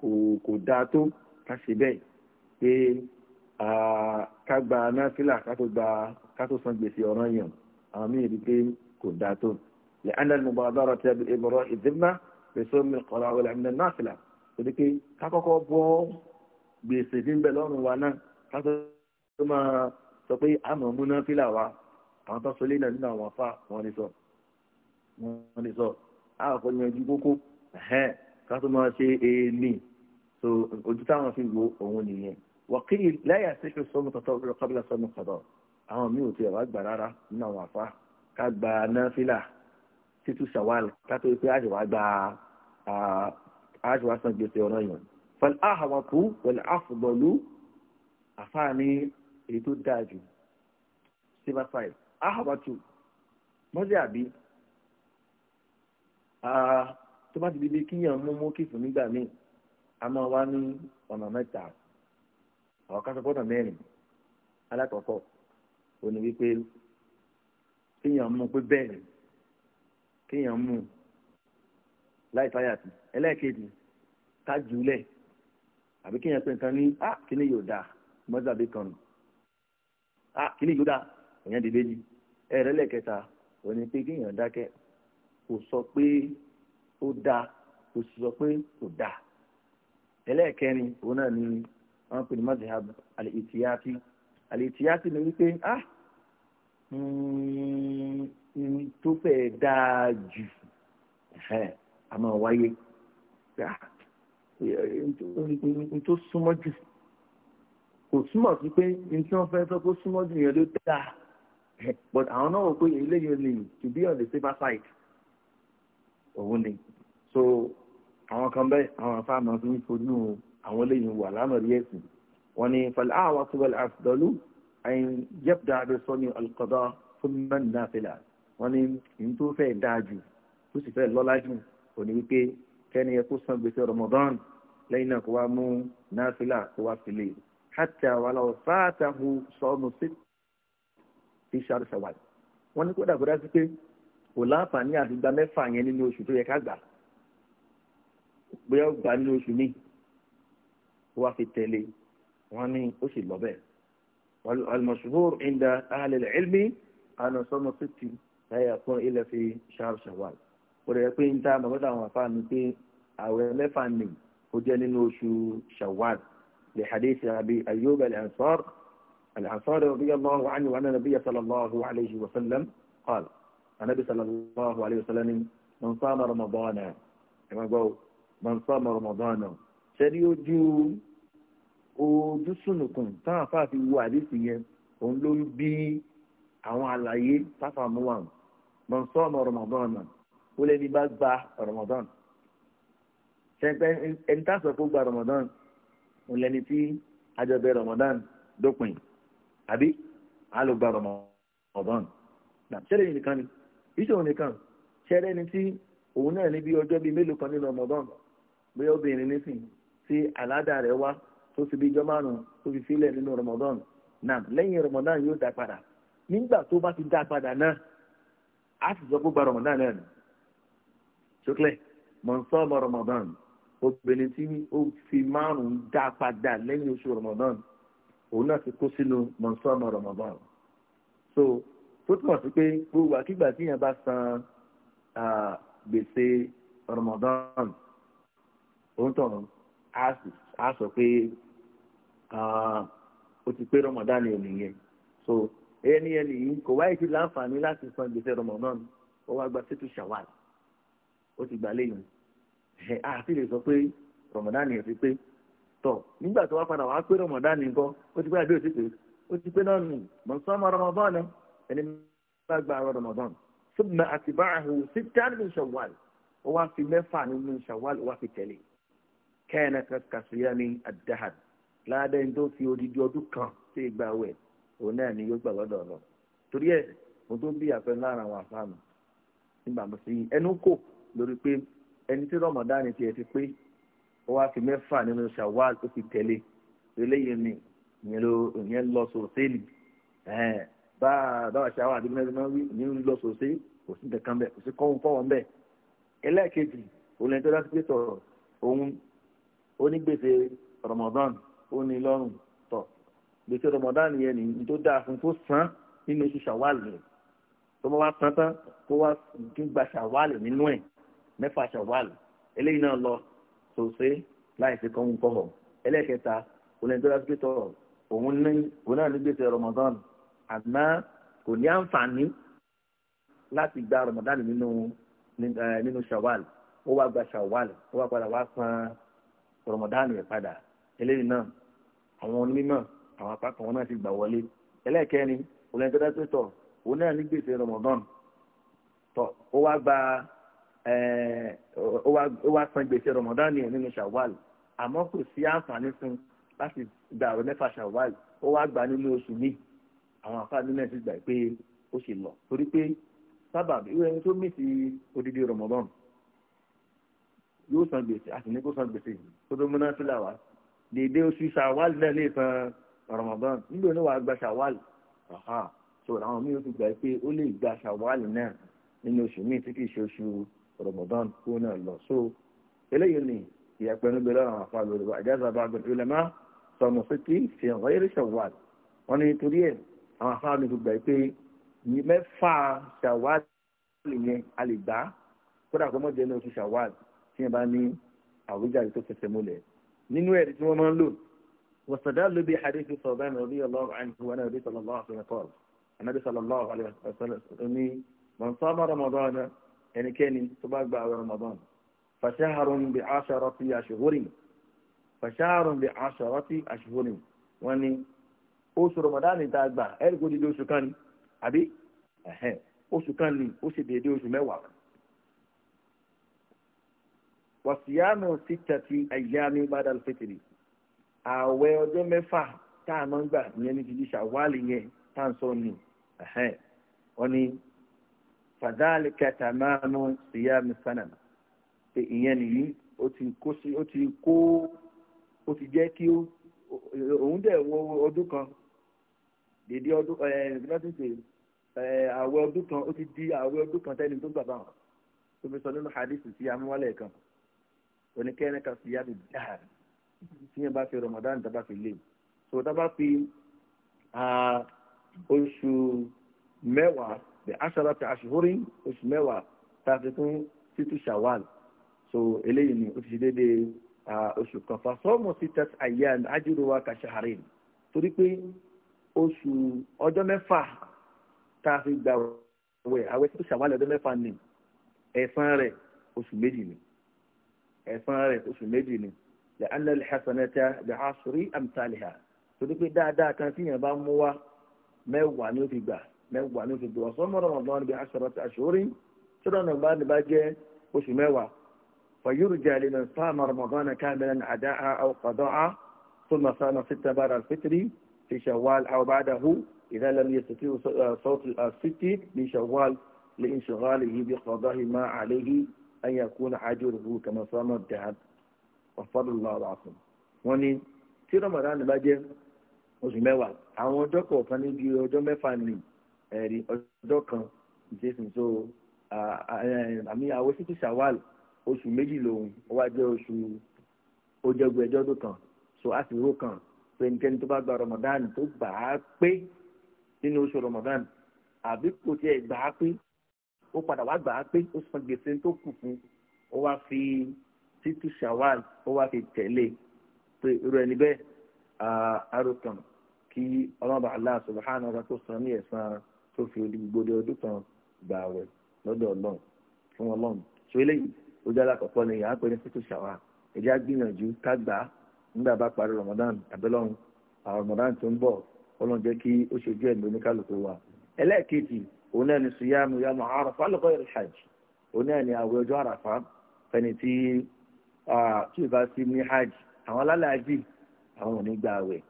kò kò dáa tó ká ṣe bẹ́ẹ̀ pé ká gba náfìlà ká tó gba ká tó san gbèsè ọ̀ràn yàn àwọn mí rí i pé kò dáa tó lè andal mubadara tí a bí ìbọrọ ìdìbò lè sọmù kọlá wọlé àmì náfìlà torí pé ká kọ́kọ́ bọ́ gbèsè tí ń bẹ lọ́rùn wa náà kátó tó máa sọ pé àmọ̀ múná fílà wa àwọn tó sọlé náà nínú àwọn afá wọn lè sọ wọn lè sọ àkọ́ yanjú kókó kátó máa ṣe èèmì so ojú táwọn fi wo òun nìyẹn wàkìlì lẹ́yà sí pé sọmọ tọ́tọ́ rẹ kábílà sọmọ kọ̀dọ̀ àwọn míì ò tiẹ̀ wá gbà rárá nínú àwọn afá ká gba náà fílà títú sàwálì kátó pé àṣewà gba àṣewà san gbèsè ọ̀rọ̀ yẹn fàlàhàwàkú wẹ̀lẹ̀ àfọ̀bọ̀lú àfáàní èyí tó dáa jù silver five àhàwàkú mọ́sí àbí tó bá ti di bí kíyàn mú mú kìfù nígbà míì a máa wá ní ọ̀nà mẹ́ta àwọn kásọpọ̀nà mẹ́rin alákọ̀ọ́kọ́ òní wípé kíyàn mú pé bẹ́ẹ̀ ni kéèyàn mú un láì fáyà sí ẹlẹ́ẹ̀kejì kájúlẹ̀ àbí kí yẹn pé nǹkan ní ah kíní yóò dáa mọ́sàbí kan nù ah kíní yóò dáa èèyàn dìde jì ẹ̀rẹ́ lẹ́kẹta òun ni pé kí yẹn dákẹ́ kò sọ pé ó dáa kò sì sọ pé kò dáa ẹlẹ́ẹ̀kẹrin òun náà ni wọ́n pè ní mazhab al-ihtiyati al-ihtiyati ni wípé ah hmm, tó fẹ́ dáa jù a máa wáyé ah, n tó súnmọ́ jù kò túmọ̀ sí pé n tí wọ́n fẹ́ sọ pé súnmọ́ jù yẹn ló dáa but àwọn náà wò pé eléyìí lè to be on the safer side òun ni so àwọn kan bẹ́ẹ̀ àwọn afáàmọ́ fi ń fojú àwọn eléyìí wà lánàá rí ẹ̀sìn wọn ni fàlẹ́ àwọn tó wẹ̀lẹ̀ àfìdọ́lù àyìn yẹ́pùdà abẹ́sọ́ ni alùpàdà fún mẹ́rin náà fẹ́lẹ̀ wọn ni n tó fẹ́ dáa jù tó sì fẹ́ lọ́lá jù òní wípé kẹ́ni ẹ kó san gbèsè Ramadan lẹ́yìn náà kó wá mú náfìlà kó wá fi lè hàtà wàhálà ọ̀sáàtàhù sọnù sí ti ṣàrù ṣàwàl wọn ní kó dàgbọ́ dá sí pé kò láǹfààní àti gba mẹ́fà yẹn nínú oṣù tó yẹ ká gbà bóyá ó gbà nínú oṣù míì kó wá fi tẹ̀lé wọn ní ó sì lọ bẹ́ẹ̀ والمشهور عند أهل العلم أن صوم ست لا يكون إلا في شهر شوال ó rẹ̀ pé ń ta bàbá àwọn àfa mi pé àwẹ̀ mẹ́fà ni ó jẹ́ nínú oṣù shawwal lè hadith abi ayyub al-ansar al-ansar radiyallahu anhu wa anna nabiyya sallallahu alayhi wa sallam qala anabi sallallahu alayhi wa sallam ni man sama ramadana ẹ máa gbọ́ man sama ramadana ṣẹ́ni ojú ojú sùnùkùn táwọn àfa fi wo àdéhùn yẹn òun ló bí àwọn àlàyé táfà mú wa man sama ramadana ó lẹ́ni bá gba Ramadan ṣẹ́ńpẹ́ ẹni tá a sọ pé ó gba Ramadan ó lẹ́ni tí àjọbẹ Ramadan dópin àbí a ló gba Ramadan ṣẹ́rẹ́ yìí nìkan ni ìṣòro nìkan ṣẹ́rẹ́ ni tí òun náà ní bí ọjọ́ bíi mélòó kan nínú Ramadan bóyá obìnrin nísìn tí aládà rẹ̀ wá tó ti bí ijọ́ márùn-ún tó fi sílẹ̀ nínú Ramadan náà lẹ́yìn Ramadan yóò dá padà nígbà tó bá ti dá padà náà a sì sọ pé gba Ramadan náà nù ṣókè mọ̀nsọ́ọ̀mù ramadan obìnrin tí ó fi márùn-ún dá padà lẹ́yìn oṣù ramadan òun náà ti kó sínú mọ̀nsọ́ọ̀mù ramadan so tó túmọ̀ sí pé gbogbo àkígbà tí yẹn bá san gbèsè ramadan òun tọ̀ á sọ pé o ti pé ramadan yẹn nìyẹn so ẹni ẹni yìí kò wáyé ti láǹfààní láti san gbèsè ramadan ó wá gba sétú shawal ó ti gbà léyìn ẹ àti lè sọ pé rọmọdánì ò ti pé tọ nígbà tó wá padà wá pé rọmọdánì nǹkan ó ti pé àbí ó ti pé ó ti pé náà nù mọ sọmọ rọmọdán náà ẹni bá gba àrọ rọmọdán ṣùgbọ́n àtibá àhùn sí tánìlì ṣàwàlì ó wá fi mẹ́fà nínú ṣàwàlì ó wá fi tẹ̀lé kẹ́ẹ̀nà kàṣíyá ní àdáhàd láàdẹ́ni tó fi odidi ọdún kan sí ìgbà wẹ̀ òun náà ni yóò gbà lọ́dọ̀ ọ̀nà torí ẹ̀ mo tó bí àpẹ lára àwọn àfáàmù nígbà mo sì ẹnu kò lórí pé ẹni tí rọmọdán tiẹ̀ ti pé ó wá fi mẹ́fà nínú ṣàwáàlì tó fi tẹ̀lé eléyìí ni ìyẹn lọ sòtẹ́ẹ̀lì bá báwa ṣàwọn àdébínẹ́sì máa ń wí ìyẹn lọ sòtẹ́ẹ̀lì kò sí nǹkan bẹ́ẹ̀ kò sí kọ́hún fọ́wọ́n bẹ́ẹ̀ ẹlẹ́ẹ̀kejì òun ẹni tó dá sí pé sọ̀rọ̀ òun onígbèsè rọmọdán ó ní lọ́rùn tọ̀ gbèsè rọmọdán yẹn ni tó dáa fún tó san nínú oṣù ṣàwáàlì tó bá wá san tán kó wá tún gba nínú ẹ̀ mẹ́fà ṣàwálì eléyìí náà lọ sòsé láì fi kọ́ ń kọ́họ̀ ẹlẹ́kẹta olùdókítọ̀ òun ní òun náà ní gbèsè Ramadan àmọ́ kò ní àǹfààní láti gba Ramadan nínú nínú ṣàwálì ó wá gba ṣàwálì ó wá padà wá san Ramadan rẹ̀ padà eléyìí náà àwọn onímọ̀ àwọn apákan wọn náà ti gbà wọlé ẹlẹ́kẹrin olùdókítọ̀ òun náà ní gbèsè Ramadan tọ́ ó wá gba ó eh, wá san gbèsè Ramadan yẹn nínú Shawwal àmọ́ kò sí àǹfààní fún láti gba àwẹ̀ mẹ́fà Shawwal ó wá gbà nínú oṣù míì àwọn afáàní náà ti gbà pé ó ṣe lọ torí pé sábà irú ẹni tó mìtì odidi Ramadan yóò san gbèsè àti ní kó san gbèsè tó tó múná sílẹ̀ wá dèdè oṣù Shawwal náà lè san Ramadan nígbà oní wàá gba Shawwal so àwọn míì ó ti gbà pé ó lè gba Shawwal náà nínú oṣù míì tí kì í ṣe oṣù Ramadan kó náà lọ so eléyìí ni ìyàpẹ̀nu bẹ̀rẹ̀ àwọn afa lórí wa àjàzà bá gbẹ̀rẹ̀ ulama sọmọ sétí fi hàn wáyé ṣàwàl wọn ni torí ẹ̀ àwọn afa mi gbà pé mẹ́fà ṣàwàl yẹn a lè gbà kódà kó mọ́jẹ́ ní oṣù ṣàwàl tí yẹn bá ní àwíjàre tó fẹsẹ̀ múlẹ̀ nínú ẹ̀rí tí wọ́n máa ń lò واستدل بحديث ثوبان رضي الله عنه وانا النبي صلى الله عليه وسلم قال النبي صلى الله عليه وسلم من صام رمضان ẹnikẹ́ni tó bá gba àwọn Ramadan fasharun bi asharati ashhurin fasharun bi asharati ashhurin wọ́n ní oṣù Ramadan ní ta gbà ẹ̀rí kó dídé oṣù kan ni àbí oṣù kan ni ó sì dédé oṣù mẹ́wàá wàsíyánu sítàtì ayámi bàdà lùfẹ́tìrì ààwẹ̀ ọjọ́ mẹ́fà tá a gbà ìyẹn ní ti di ṣàwálì yẹn tá ń sọ ni wọ́n ní fàdáàlìkà tàmáàmù síyáàmù sánàmù pé ìyẹn nìyí ó ti kó ó ti kó ó ti jẹ́ kí òun dẹ̀ wọ ọdún kan dèdè ọdún ẹ nothing to àwẹ̀ ọdún kan ó ti di àwẹ̀ ọdún kan tẹ́ni tó gbà bá wọn tó fi sọ nínú hadith sí amúwálẹ̀ kan oníkẹ́rin kan síyáàmù dáhàrì tíyẹn bá fi Ramadan dábàá fi lé so dábàá fi oṣù mẹ́wàá bí aṣara ti aṣòhorin oṣù mẹ́wàá tá a fi kún títí ṣàwàl so eléyìí ni ó ti ṣe déédéé oṣù kan fa sọ́ọ̀mù sitat ayyan ajruha ka shahrain torí pé oṣù ọjọ́ mẹ́fà tá a fi gbà wẹ̀ àwẹ̀ títí ṣàwàl ọjọ́ mẹ́fà ni ẹ̀san rẹ̀ oṣù méjì ni ẹ̀san rẹ̀ oṣù méjì ni lẹ́ẹ̀nà lẹ́hàsánẹ́tà lẹ́hàsórí àmì tàlẹ́hà torí pé dáadáa kan tíyẹn bá mú wá mẹ́wàá ni ó fi gbà mẹ́wàá ní oṣù tó wà sọ́mọ́ rọ̀mọ̀dán níbi aṣọ́rọ̀tì àṣọ́rí sọ́dọ̀ náà bá ní bá jẹ́ oṣù mẹ́wàá fàyúrù jàlè náà sáàmà rọ̀mọ̀dán náà káàmìlà ní àdá àkọ́dọ́ á tó nà sáàmà síta bára fitiri fi ṣàwàl àwòbádahu ìdálẹ́ ní yẹtùtù sọ́ọ̀tù àṣìtì ní ṣàwàl lè ń ṣọ̀rọ̀ yìí bí kọ́dọ́ yìí má àléhi an yakuna ajruhu kama sama dahab wa fadlullah alazim wọ́n ní tí ramadan bá jẹ́ oṣù mẹ́wàá àwọn ọjọ́ kọ̀ọ̀kan níbi ọjọ́ mẹ́fà nìyí ẹ̀rí ọjọ́ kan jésù so àmì àwọn sítú sawal oṣù méjì lòun wá jẹ́ oṣù ó jẹ́ gbẹjọ́ tó kàn so a sì ró kàn so ẹnikẹ́ni tó bá gba ramadan tó gbà á pé nínú oṣù ramadan àbí kò tiẹ̀ gbà á pé ó padà wá gbà á pé ó san gbèsè tó kù fún ó wá fi sítú sawal ó wá fi tẹ̀lé pé irú ẹni bẹ́ẹ̀ arókan kí ọlọ́ba Allah subhanahu wa ta'ala tó san ní ẹ̀san tó fi gbogbo ọdún kan gbà wẹ̀ lọ́dọ̀ ọlọ́run fún ọlọ́run ṣé eléyìí ó dára kọ̀ọ̀kan ni yàrá pé ní fítù ṣàwà ẹ̀jẹ̀ á gbìyànjú ká gbà á nígbà bá parí Ramadan abẹ́lọ́run àwọn Ramadan tó ń bọ̀ ọlọ́run jẹ́ kí ó ṣojú ẹ̀ lóní kálukú wa ẹlẹ́ẹ̀kejì òun náà ni suyamu yamu arafa lọ́kọ́ ìrìnàjò òun náà ni àwẹ̀ ọjọ́ àràfà fẹni tí tí ìbá sí ní hajj àwọn alálàájì àwọn ò ní gbà àwẹ̀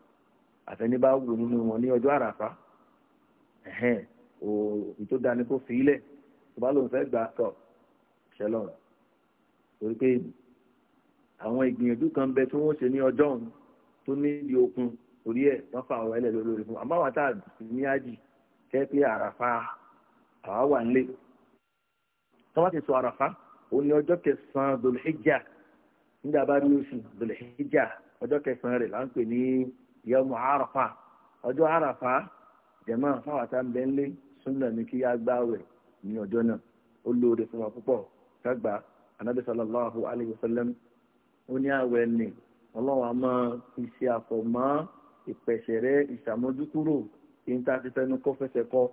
àfẹnibá nínú wọn ní ọjọ́ àràfà òun tó dání kó fi ilẹ̀ tó bá lóun fẹ́ gbà tọ̀ ṣẹlọ̀ torí pé àwọn ìgbìyànjú kan bẹ tí wọ́n ṣe ní ọjọ́ òun tó ní okun torí ẹ̀ wọ́n fa àwọn ẹlẹ́ lórí fún àmọ́ àwọn táà ní àjì kẹ́ àràfà àwa wà nílé tọ́wọ́ ti sọ ni ọjọ́ kẹsàn-án dòlùhíjà nígbà bá rí oṣù dòlùhíjà ọjọ́ kẹsàn-án rẹ̀ là ń pè ní súnà ní kí á gbáwẹ̀ ní ọjọ́ náà ó lóore fún wa púpọ̀ kágbà anábì sallallahu alayhi wa sallam ó ní àwẹ̀ ni ọlọ́run a máa fi ṣe àfọ̀mọ́ ìpẹ̀ṣẹ̀rẹ́ ìṣàmójúkúrò kí n ta ti fẹ́nu kọ́ fẹsẹ̀ kọ́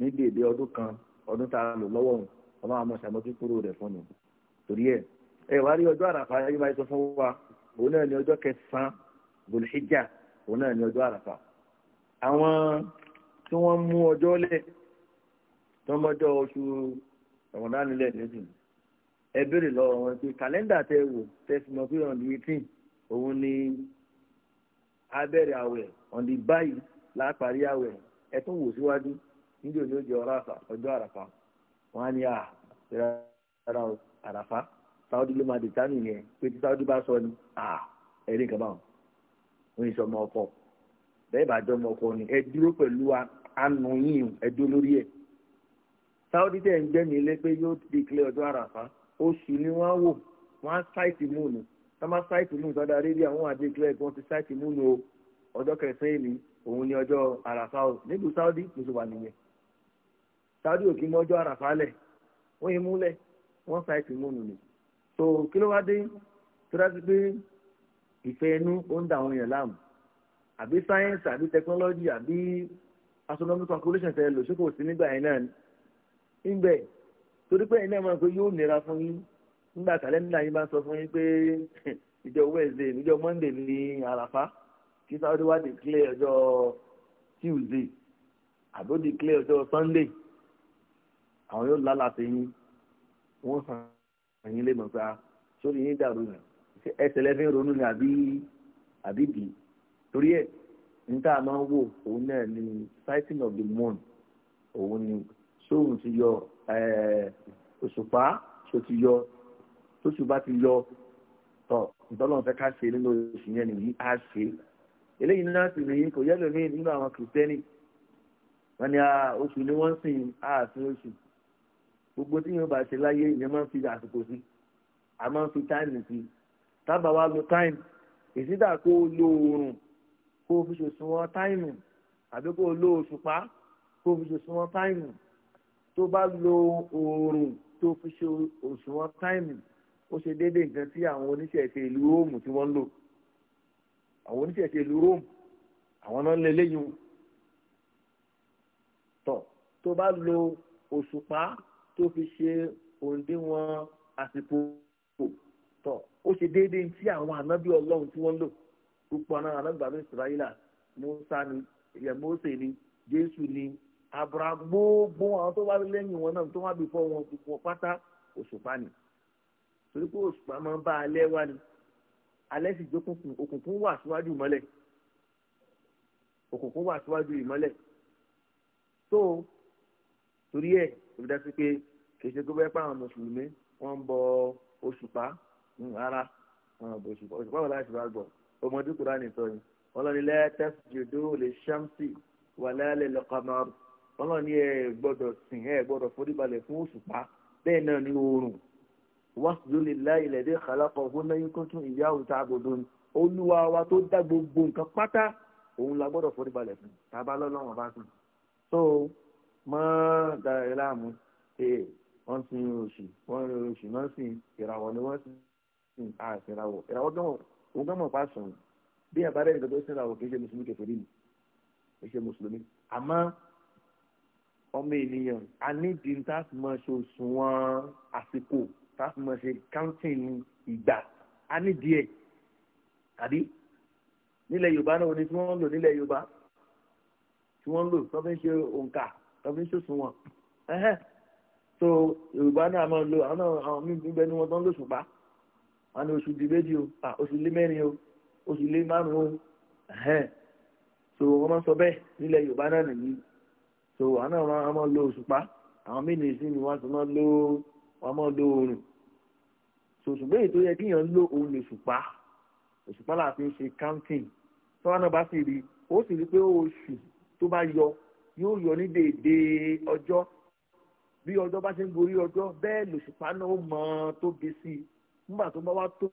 ní dèdè ọdún kan ọdún tá a lò lọ́wọ́ òun ọlọ́run a máa ṣàmójúkúrò rẹ̀ fún mi torí ẹ̀ ẹ wá rí ọjọ́ àràfà ayé máa sọ fún wa òun náà ní ọjọ́ kẹsàn-án dhul òun náà ní ọjọ́ àràfà àwọn tí wọ́n mú ọjọ́ lẹ̀ tọmọdọ oṣù ọmọdánilẹ nìsín ẹ béèrè lọ́wọ́ wọn pé kàlẹ́ndà tẹ wò tẹsímọ pé on the eighteen òun ni abẹ́rẹ́ àwẹ̀ on the báyìí lápárí àwẹ̀ ẹ tún wò síwájú níjẹ́ òní ó jẹ ọ̀rọ̀ àràfà wọn á ní à rárá àràfà sáwọ́dí ló máa dìtánì yẹn pé tí sáwọ́dí bá sọ ni à ẹ̀rí nǹkan báwọn wọn yìí sọ ọmọ ọkọ bẹ́ẹ̀ bá jọ ọmọ ọkọ ni ẹ dúró pẹ̀lú àánú yìí ẹ dúró lórí ẹ̀ sáúdí tẹ̀ ń gbẹ̀mí lé pé yóò declare ọjọ́ àràfá oṣù ni wọ́n wò wọ́n á sáìtì múùnù tọ́mọ sáìtì múùnù sọ́dọ̀ arábíà wọ́n á declare pé wọ́n ti sáìtì múùnù o ọjọ́ kẹsàn-án èlì òun ni ọjọ́ àràfá o nílùú sáúdí ló ti wà nìyẹn sáúdí ò kí mú ọjọ́ àràfá lẹ̀ wọ́n yẹn múlẹ̀ wọ́n sáìtì múùnù ni so kí ló wá dé tó dájú pé ìfẹ́ inú ó ń astronomical calculation tẹ lò ṣé ńbẹ torí pé ẹ̀yin náà máa ń pè yóò nira fún yín nígbà kàlẹ́ndà yín bá sọ fún yín pé [LAUGHS] ìjọ wednesday ìjọ monday ní àràfá kí sáwọ́dí wá declare ọjọ́ tuesday àbí ó declare ọjọ́ sunday àwọn yóò lálàsẹ̀ yín wọ́n hàn ẹ̀yin lè mọ̀ pé a ah, sórí yín dàrú nà ẹsẹ̀ lẹ́fẹ̀ ronú ni àbí àbí bì í torí ẹ̀ níta máa ń wò òun náà ni sighting of the moon òun ni sóhun ti yọ òṣùpá tó ti yọ tóṣù bá ti yọ tọ̀ ìtọ́lọ́run fẹ́ ká ṣe nínú oṣù yẹn nìyí á ṣe eléyìí náà sì nìyí kò yẹ lómi nínú àwọn kìrìtẹ́nì wọn ni oṣù ni wọ́n sìn ààfin oṣù gbogbo tí yóò bá ṣe láyé ìyẹn máa ń fi àsìkò sí a máa ń fi táìmù sí tábà wa lo táìmù ìsídà kó o lo oòrùn kó o fi ṣòṣùwọ̀n táìmù àbí kó o lo òṣùpá kó o fi ṣòṣùwọ̀n táìmù tó bá lo oòrùn tó fi ṣe òṣùwọ̀n táìmù ó ṣe déédéé nǹkan tí àwọn oníṣẹ̀ṣe ìlú róòmù tí wọ́n ń lò àwọn oníṣẹ̀ṣe ìlú róòmù àwọn náà ń lé lẹ́yìn tọ̀ tó bá lo òṣùpá tó fi ṣe òǹdíwọ̀n àsìkò tọ̀ ó ṣe déédéé tí àwọn ànábì ọlọ́run tí wọ́n ń lò púpọ̀ náà ànábì bàbá ìsirayílà Mùsá ni ìyẹn ni Jésù ni àbúrà gbogbo àwọn tó wá lẹ́yìn wọn náà tó wá bí fọ́ wọn gbogbo pátá òṣùpá ni torí pé òṣùpá máa ń bá alẹ́ wá ni alẹ́ sì jókòókùn òkùnkùn wà síwájú ìmọ́lẹ̀ òkùnkùn wà síwájú ìmọ́lẹ̀ tó torí ẹ̀ ló dá sí pé kìí ṣe tó bẹ́ẹ̀ pàwọn mùsùlùmí wọ́n ń bọ òṣùpá rárá wọn bọ òṣùpá òṣùpá wọn láti bá gbọ́ ọmọdé kúránì sọ yìí ọlọ́nilẹ́ tẹ́sí jòdó lè ọlọ́run ni ẹ gbọ́dọ̀ sìn ẹ gbọ́dọ̀ foríbalẹ̀ fún òṣùpá bẹ́ẹ̀ náà ní oòrùn wàsílólè láì lẹ́dẹ́ kàlápọ̀ gbóná yín kó tún ìyá òun tá a olúwa wa tó dá gbogbo nǹkan pátá òun la gbọ́dọ̀ foríbalẹ̀ fún tábà lọ́lọ́wọ́n bá sùn so mọ́ dára ẹ láàmú ee wọ́n sin oṣù wọ́n rin oṣù náà sin ìràwọ̀ ni wọ́n sin àṣìràwọ̀ ìràwọ̀ gánwọ̀ òun gánwọ̀ pa sùn bí àbárẹ́ ìgbàgbọ́ sínra òkè ṣe mùsùlùmí kẹfẹ́ nínú kẹfẹ́ mùsùlùmí àmọ́ ọmọ ènìyàn a nídìí tá a fi máa ṣe òṣùwọ̀n àsìkò tá a fi máa ṣe counting ìgbà a nídìí ẹ̀ àbí nílẹ̀ yorùbá náà ni tí wọ́n ń lò nílẹ̀ yorùbá tí wọ́n ń lò tó fi ń ṣe òǹkà tó fi ń ṣòṣùwọ̀n so yorùbá náà máa lo àwọn àwọn mímú ní wọn tó ń lò ṣùpá wọn ni oṣù di o oṣù lé mẹ́rin o oṣù lé márùn-ún o so wọ́n máa sọ bẹ́ẹ̀ nílẹ̀ yorùbá náà nìyí so àwọn náà wọn máa lo òṣùpá àwọn mílíọ̀nù sí ni wọ́n ti máa lo wọ́n máa lo oòrùn so ṣùgbọ́n èyí tó yẹ kéèyàn lo òun lè ṣùpá òṣùpá là fi ń ṣe counting tọ́wọ́n náà bá sì rí ó sì rí pé oṣù tó bá yọ yóò yọ ní déédéé ọjọ́ bí ọjọ́ bá ṣe ń gorí ọjọ́ bẹ́ẹ̀ lòṣùpá náà ó mọ tóbi sí i nígbà tó bá wá tó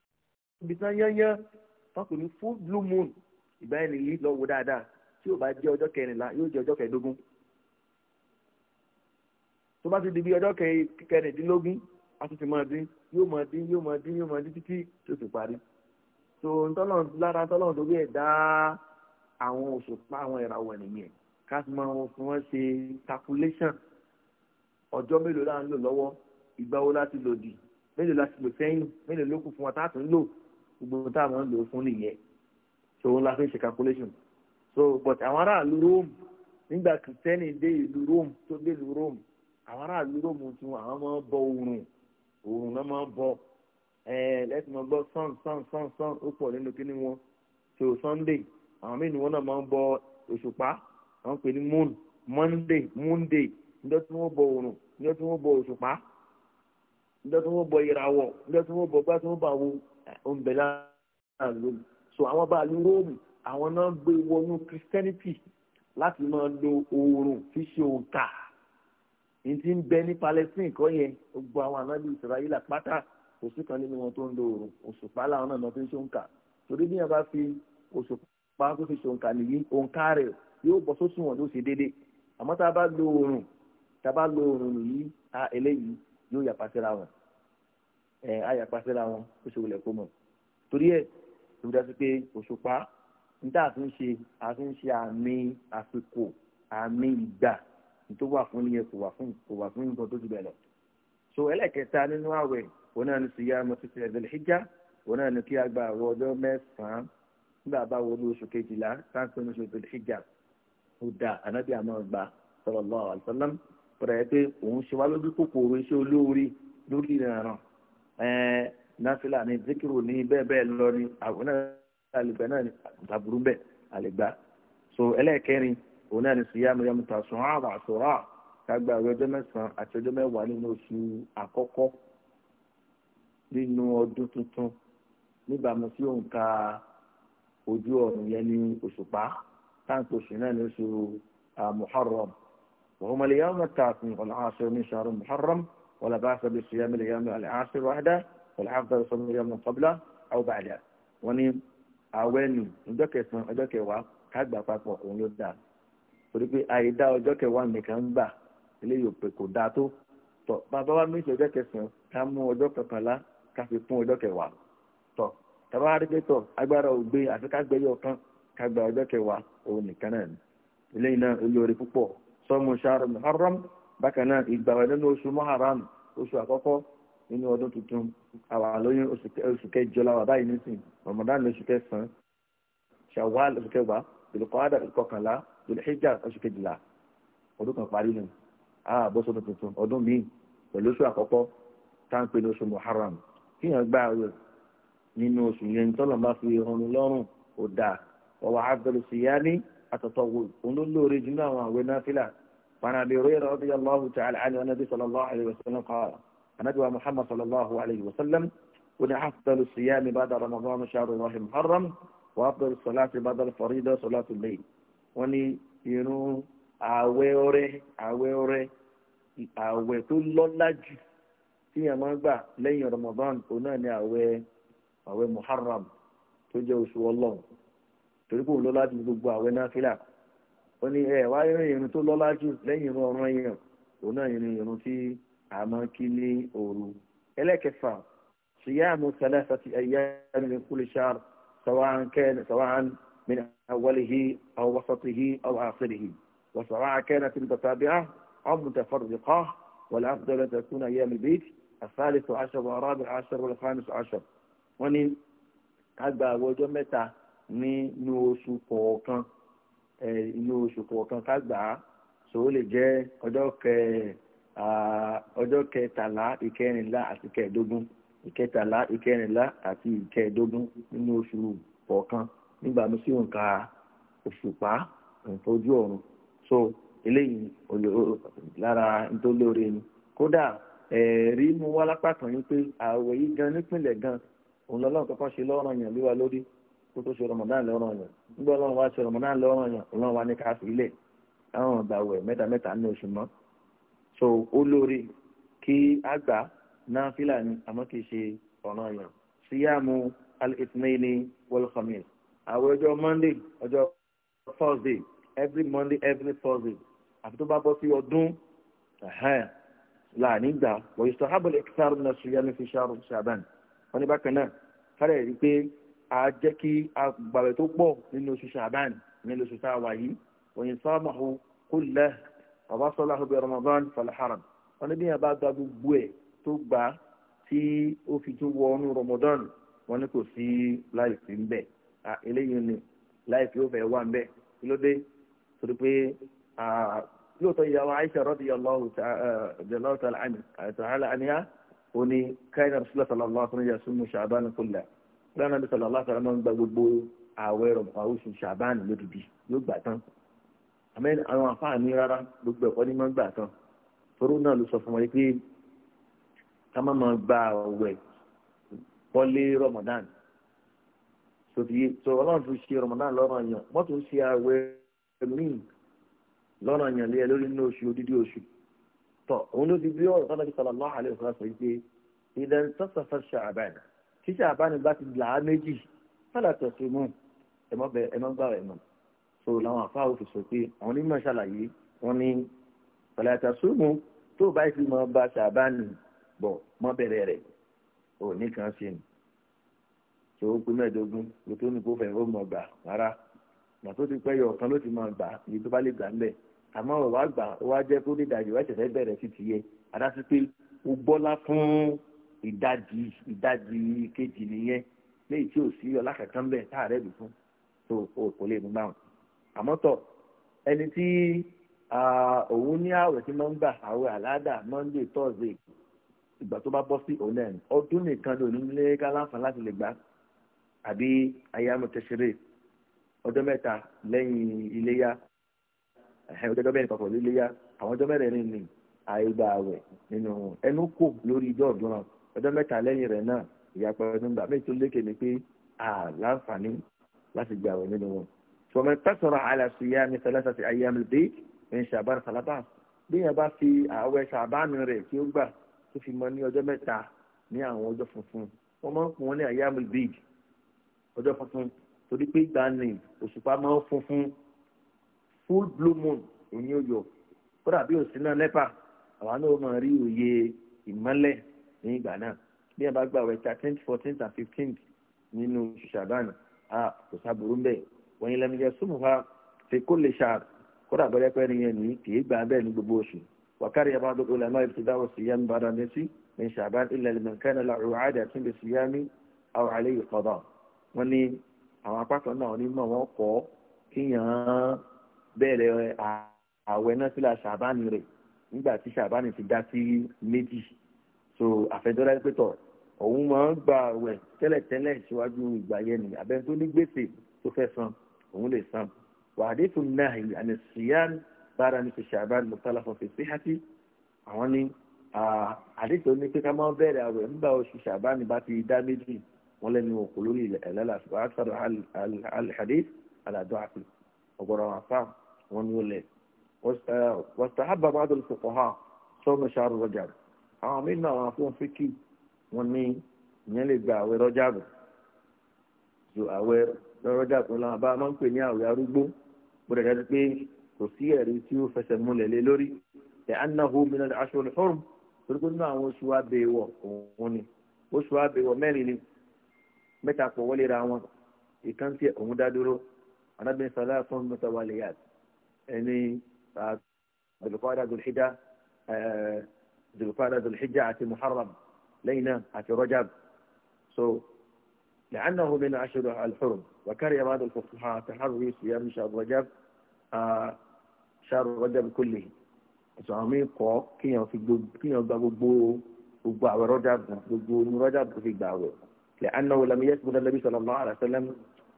ibi tán yányán wọn ní full blue moon ìgbà yẹn nìyí lọ wò dáadáa tí ò bá jẹ́ ọjọ́ kẹrìnlá yóò jẹ́ ọjọ́ kẹẹ̀dógún tó bá ti di bí ọjọ́ kẹrìndínlógún a tún ti máa dín yóò máa dín yóò máa dín yóò máa dín títí tó ti parí tó ntọ́lọ̀ lára tọ́lọ̀ tó bí ẹ̀ dá àwọn òṣùpá àwọn ìràwọ̀ nìyẹn ká sì máa fún wọn ṣe calculation ọjọ́ mélòó la ń lò lọ́wọ́ ìgbà wo la ti lò dì mélòó la ti lò sẹ́yìn mélòó ló kù fún wa tá a tún lò gbogbo tá a máa ń lò fún nìyẹn so la fi ń ṣe calculation so but àwọn aráàlú Rome nígbà kìrìtẹ́nì dé ìlú Rome tó dé ìlú Rome àwọn aráàlú róòmù tiwọn àwọn máa ń bọ oòrùn oòrùn náà máa ń bọ lẹ́sìn máa gbọ́ sàn sàn sàn sàn ó pọ̀ nínú kíní wọn so sunday àwọn mẹ́rin wọn náà máa ń bọ òṣùpá wọ́n ń pè ní moon monday monday níjọ́ tí wọ́n bọ oòrùn níjọ́ tí wọ́n bọ òṣùpá níjọ́ tí wọ́n bọ ìràwọ̀ níjọ́ tí wọ́n bọ gbá tí wọ́n bá wo oúnjẹ láàrin so àwọn báàlú róòmù àwọn náà gbé wọnú christianity láti máa lo oòrùn fi ṣe òǹkà ní ti ń bẹ ní Palestine kọ́ yẹn gbogbo àwọn anábì Israẹla pátá kò sí kan nínú wọn tó ń lo oòrùn òṣùpá làwọn náà fi ń ṣòǹkà torí bí yẹn bá fi òṣùpá tó fi ṣòǹkà nìyí òǹkà rẹ̀ yóò bọ́ sóṣù wọn yóò ṣe déédéé àmọ́ tá a bá lo oòrùn tá a bá lo oòrùn nìyí a eléyìí yóò yàpá síra wọn ẹ a yàpá síra wọn ó ṣe wọlé kó mọ̀ torí ẹ̀ ló dá sí pé òṣùpá níta àtúnṣe àtúnṣe àmì àsìkò àmì ìgbà tó wà fún nìyẹn kò wà fún kò wà fún nǹkan tó ti bẹ̀ lọ. so ẹlẹ́kẹta nínú àwẹ̀ òun náà ni sùyà mọ̀tòtò ẹ̀dẹ̀lẹ̀ hijab òun náà ni kí a gba àwọn ọjọ́ mẹ́sàn-án nígbà bá wọlé oṣù kejìlá sáńpẹ́ oṣù ẹ̀dẹ̀lẹ̀ hijab ó dà ànábì àmọ́ gba sallallahu alaihi wasallam pẹ̀lú pé òun ṣe wá lójú kòkòrò iṣẹ́ olóore lórí ìrànràn násìlà ní zikiru ní bẹ́ẹ̀ bẹ́ẹ̀ lọ ní àwọn àlùbẹ́ náà ní àbúrú bẹ́ẹ̀ àlùgbà so ẹlẹ́ẹ̀kẹrin òun náà ni siyamu yẹn ta sùn án wà sùrà kágbà ọjọ́ mẹ́sàn-án àti ọjọ́ mẹ́wàá nínú oṣù àkọ́kọ́ nínú ọdún tuntun níbàámu sí òǹkà ojú ọ̀run yẹn ní òṣùpá táǹkì oṣù náà ní oṣù muharram وهم اليوم التاسع والعاشر من شهر محرم ولا بأس بصيام اليوم العاشر وحده والأفضل صوم اليوم قبله أو بعده وني أواني ندك اسم ندك وا كذا فاتو ونيو torí pé àìdá ọjọ́ kẹwàá nìkan ń gbà eléyìí ò pè kò dáa tó tọ bàbá wa méjì ọjọ́ kẹsàn-án ká mú ọjọ́ kọkànlá ká fi kún ọjọ́ kẹwàá tọ tàbá arígbé tọ agbára ògbé àti ká gbẹ́yọ̀ kan ká gba ọjọ́ kẹwàá òun nìkan náà ni eléyìí náà eléyìí orí púpọ̀ sọmú ṣáàrù bákan náà ìgbà wẹ̀ nínú oṣù muharram oṣù àkọ́kọ́ nínú ọdún tuntun àwa lóyún oṣù kẹjọ la wà báyìí nísìn ramadan oṣù kẹsàn-án ṣàwàl oṣù kẹwàá ìlú Dhul-Hijjah oṣù kejìlá ọdún kan parí nù ààbọ̀ sọ́dún tuntun ọdún míì pẹ̀lú oṣù àkọ́kọ́ tá ń pè ní oṣù Muharram kíyàn gbá rẹ̀ nínú oṣù yẹn tọ́lọ̀ bá fi hàn lọ́rùn ó dáa ọ̀wà abdul siyami àtọ̀tọ̀wò olólórí jùlọ àwọn àwẹ̀ náfìlà fanabi rẹ́rẹ́ ọdún yàrá ọ̀hún tí àlẹ́ àlẹ́ ọ̀nàbí sallallahu alayhi wa sallam qala anabi wa muhammad sallallahu alayhi wa sallam wọn abdul siyami ba'da ramadan shahru rahim haram wa abdul salati wọ́n ní irun ààwẹ̀ ọrẹ ààwẹ̀ ọrẹ ààwẹ̀ tó lọ́lá jù tí yẹn máa ń gbà lẹ́yìn Ramadan òun náà ní ààwẹ̀ ààwẹ̀ Muharram tó jẹ́ oṣù ọlọ́run torí kò lọ́lá jù gbogbo ààwẹ̀ náfìlà wọ́n ní ẹ̀ wá irun irun tó lọ́lá jù lẹ́yìn irun ọ̀ràn yẹn òun náà irun irun tí a máa kí ní òru ẹlẹ́kẹfà ṣìyá àmú sálẹ́sà ti ẹ̀yà ẹ̀rìn kúlẹ̀ ṣáà sọ̀wá من أوله أو وسطه أو آخره وسواء كانت المتتابعة أو متفرقة والأفضل تكون أيام البيت الثالث عشر والرابع عشر والخامس عشر ومن أربع وجه متى nínú oṣù kọ̀ọ̀kan inú oṣù kọ̀ọ̀kan ká gbà á sòwò lè jẹ́ ọjọ́ kẹtàlá ìkẹrìnlá àti kẹẹ̀dógún ìkẹtàlá ìkẹrìnlá àti ìkẹẹ̀dógún nínú oṣù kọ̀ọ̀kan nígbà mi sí òǹkà òṣùpá òǹkà ojú ọ̀run so eléyìí lára tó lóore ni kódà ẹ̀ẹ́rí mú wá lápá kan ní pé ààwẹ̀ yìí gan nípìnlẹ̀ gan òun lọ́lọ́run kọ́kọ́ ṣe lọ́rọ̀ yàn lé wa lórí kó tó ṣe rọmọdán lọ́rọ̀ yàn nígbà ọlọ́run wá ṣe rọmọdán lọ́rọ̀ yàn ọlọ́run wá ní ká fi ilẹ̀ káwọn ọgbà wẹ̀ mẹ́ta mẹ́ta ní oṣù mọ́ so ó lóore kí àgbà náà fílà ni àmọ́ kì í ṣe ọ̀ràn yàn síyàmù al-ithnaini wal-khamis àwọn ọjọ́ monday ọjọ́ thursday every monday every thursday àfi tó bá bọ́ sí ọdún láàánú gbà wọ́n yóò sọ hábọ̀lì ẹ̀kísàrò náà ṣùgbọ́n ní fi ṣàrò ṣàbàn wọ́n ní bákan náà kárẹ̀ rí pé a jẹ́ kí agbàwẹ̀ tó pọ̀ nínú oṣù ṣàbàn nínú oṣù tá a wà yìí wọ́n yìí sáàmù kó lẹ́ ọba sọ́lá ọbẹ̀ ramadan falaharam wọ́n ní bí yẹn bá gba gbogbo ẹ̀ tó gbà tí ó fi tún wọ ọ́nù ramadan wọ́n ní kò sí láì sí ń bẹ́ẹ̀. Ah, eléyìí ni láìpẹ́ ó fẹ́ wà ń bẹ́ kí ló dé torí pé ah, lóòótọ́ ìyàwó Aisha radiyallahu eh, eh, ta'ala anha ó ní káyọ̀ rasulullah sallallahu alaihi wasallam yasumu sha'ban kullah lọ́nà bí sallallahu alaihi wasallam gba gbogbo ààwẹ̀ rọ̀ fún oṣù sha'ban lódìdí yóò gbà tán àmín àwọn afáàní rárá gbogbo ẹ̀kọ́ ní máa ń gbà tán toró náà ló sọ fún wọn pé ká má máa gba ààwẹ̀ pọ́lé Ramadan sòdì tó ọlọ́run fi ṣe rọmọdán lọ́rọ̀ yàn mọ́tò ń ṣe àwẹ̀ míì lọ́rọ̀ yàn lé ẹ lórí inú oṣù odidi oṣù tọ òun ló di bí ọ̀rọ̀ sọ́dọ̀ sọ̀rọ̀ lọ́hà lè sọ́dọ̀ sọ pé ìdá sọ́sọ̀fẹ́ ṣàbàánà tí ṣàbàánà bá ti là á méjì fẹ́lẹ̀ tẹ̀sí mú ẹ̀mọ́ gbà rẹ̀ mọ̀ so làwọn àfáà òfin sọ pé àwọn onímọ̀ ṣàlàyé wọn ní fẹ́lẹ̀ tẹ̀sí mú tó bá ti mọ bá ṣàbàánà bọ̀ mọ́ bẹ̀rẹ̀ rẹ̀ ò ní kan ṣe ni tó o pé mẹ́ẹ̀ẹ́dógún kò tó ní kó fẹ́ ó mọ̀ gbà rárá mà tó ti pẹ́ yọ ọ̀kan ló ti máa gbà ibi tó bá lè gbà ńlẹ̀ àmọ́ ọ̀rọ̀ àgbà wa jẹ́ kó dídàjì wá ìṣẹ̀fẹ́ bẹ̀rẹ̀ sí ti yẹ adásí pé o gbọ́lá fún ìdajì ìdajì kejì nìyẹn léyìí tí ò sí ọlá kankan bẹ́ẹ̀ táàrẹ́ bì fún tó o kò lè mú báwọn àmọ́ tọ̀ ẹni tí òun ní ààwẹ̀ tí máa ń gbà ààwẹ̀ àládà monday thursday ìgbà tó bá bọ́ sí òun náà ọdún nìkan ló ní lé ká láǹfààní láti lè gbà àbí ayamu tẹsírè ọjọ́ mẹ́ta lẹ́yìn iléyà ọjọ́ mẹ́rin papọ̀ léléyà àwọn ọjọ́ mẹ́rin ni àìgbà àwẹ̀ nínú ẹnu kò lórí ijọ́ ọdún náà ọjọ́ mẹ́ta lẹ́yìn rẹ̀ náà ìyapa ọdún gbà méjì tó lékè ni pé a láǹfààní láti gbà àwẹ̀ nínú wọn. sọmọ tẹsọrọ àlàsì yá mi sọlẹ́sà sí ayamu dé ní sàbára sàlábà bí yẹn bá fi àwẹ̀ sàbánu rẹ̀ tí ó gbà tó fi mọ ní ọjọ́ mẹ́ta ní àwọn ọjọ́ funfun wọ́n máa ń pọ̀ ní ayamu bíi ọjọ́ funfun torí pé ìgbà ni òṣùpá máa ń funfun full blue moon òní ó yọ kódà bí òsín náà lẹ́pà àwa náà ó máa rí òye ìmọ́lẹ̀ ní ìgbà náà bí ẹ bá gbà wẹ̀ thirteenth fourteenth and fifteenth nínú ṣàbánà a kò sábòrò ń bẹ̀ wọ́n yẹn lẹ́nu jẹ́ súnmùfà fi kó lè ṣáà kódà bọ́lẹ́pẹ́ ni yẹn ní kì í gbà bẹ́ẹ̀ ní gbogbo oṣù wàkárí ẹ bá dọ́kọ̀ ọ̀là náà ìfúdá òsì yẹn ń bára mẹ́sì ní ṣàbán ilẹ̀ lẹ́mẹ̀kánná làwọn àdà tún sí yá mi àwọn àlẹ́ yìí kọ́ wọ́n ní àwọn apákan náà onímọ̀ wọ́n kọ́ kíyàn bẹ̀rẹ̀ ààwẹ̀ náà sílá ṣàbánì rẹ̀ nígbà tí ṣàbánì ti dá sí méjì so àfẹjọ́dá pé tọ̀ òun máa ń gba ààwẹ̀ tẹ́lẹ̀tẹ́lẹ̀ síwájú ìgbà yẹn ni abẹ́ni tó ní gbèsè tó fẹ́ san òun lè san wàdí tó náà àmì síyán bára ní fi ṣàbánì mọ́tàlá fún fi síhátì àwọn ní àdìsọ ní pé ká máa bẹ̀rẹ̀ ààwẹ̀ nígbà oṣù ṣàbánì bá ti dá méjì wọ́n lẹ́nu òkú lórí ilẹ̀ ẹ̀lẹ́làṣọ́ àtàrà alìhàdé alàdọ́ àfi ọ̀gọ̀rọ̀ àfà wọn ni ó lẹ̀ wọ́sàábà bá dọ̀lù pọ̀pọ̀ ha sọ́nà ṣàrù rọjà àwọn mìíràn àwọn afọ́n fíkì wọn ni ìyẹn lè gba àwẹ̀ rọjà bù ju àwẹ̀ rọjà bù làwọn bá máa ń pè ní àwẹ̀ arúgbó gbọdọ̀ dájú pé kò sí ẹ̀rí tí ó fẹsẹ̀ múlẹ̀ lé lórí ẹ̀ mẹ́ta pọ̀ wọlé ra wọn ìkan tí òun dá dúró arábìnrin sọlá fún mẹ́ta wà lẹ́yà ẹni zulukada zulhijja zulukada zulhijja àti muharram lẹ́yìn náà àti rajab so لأنه من عشر الحرم وكره بعض الفقهاء تحري صيام شهر رجب ṣáàrù rọ́jàbí kò lè ẹ̀sùn àwọn míì kọ́ kíyàn gba gbogbo gbogbo àwẹ̀ rọ́jàbí gbogbo onú rọ́jàbí fi gbà àwẹ̀ لأنه لم يثبت النبي صلى الله عليه وسلم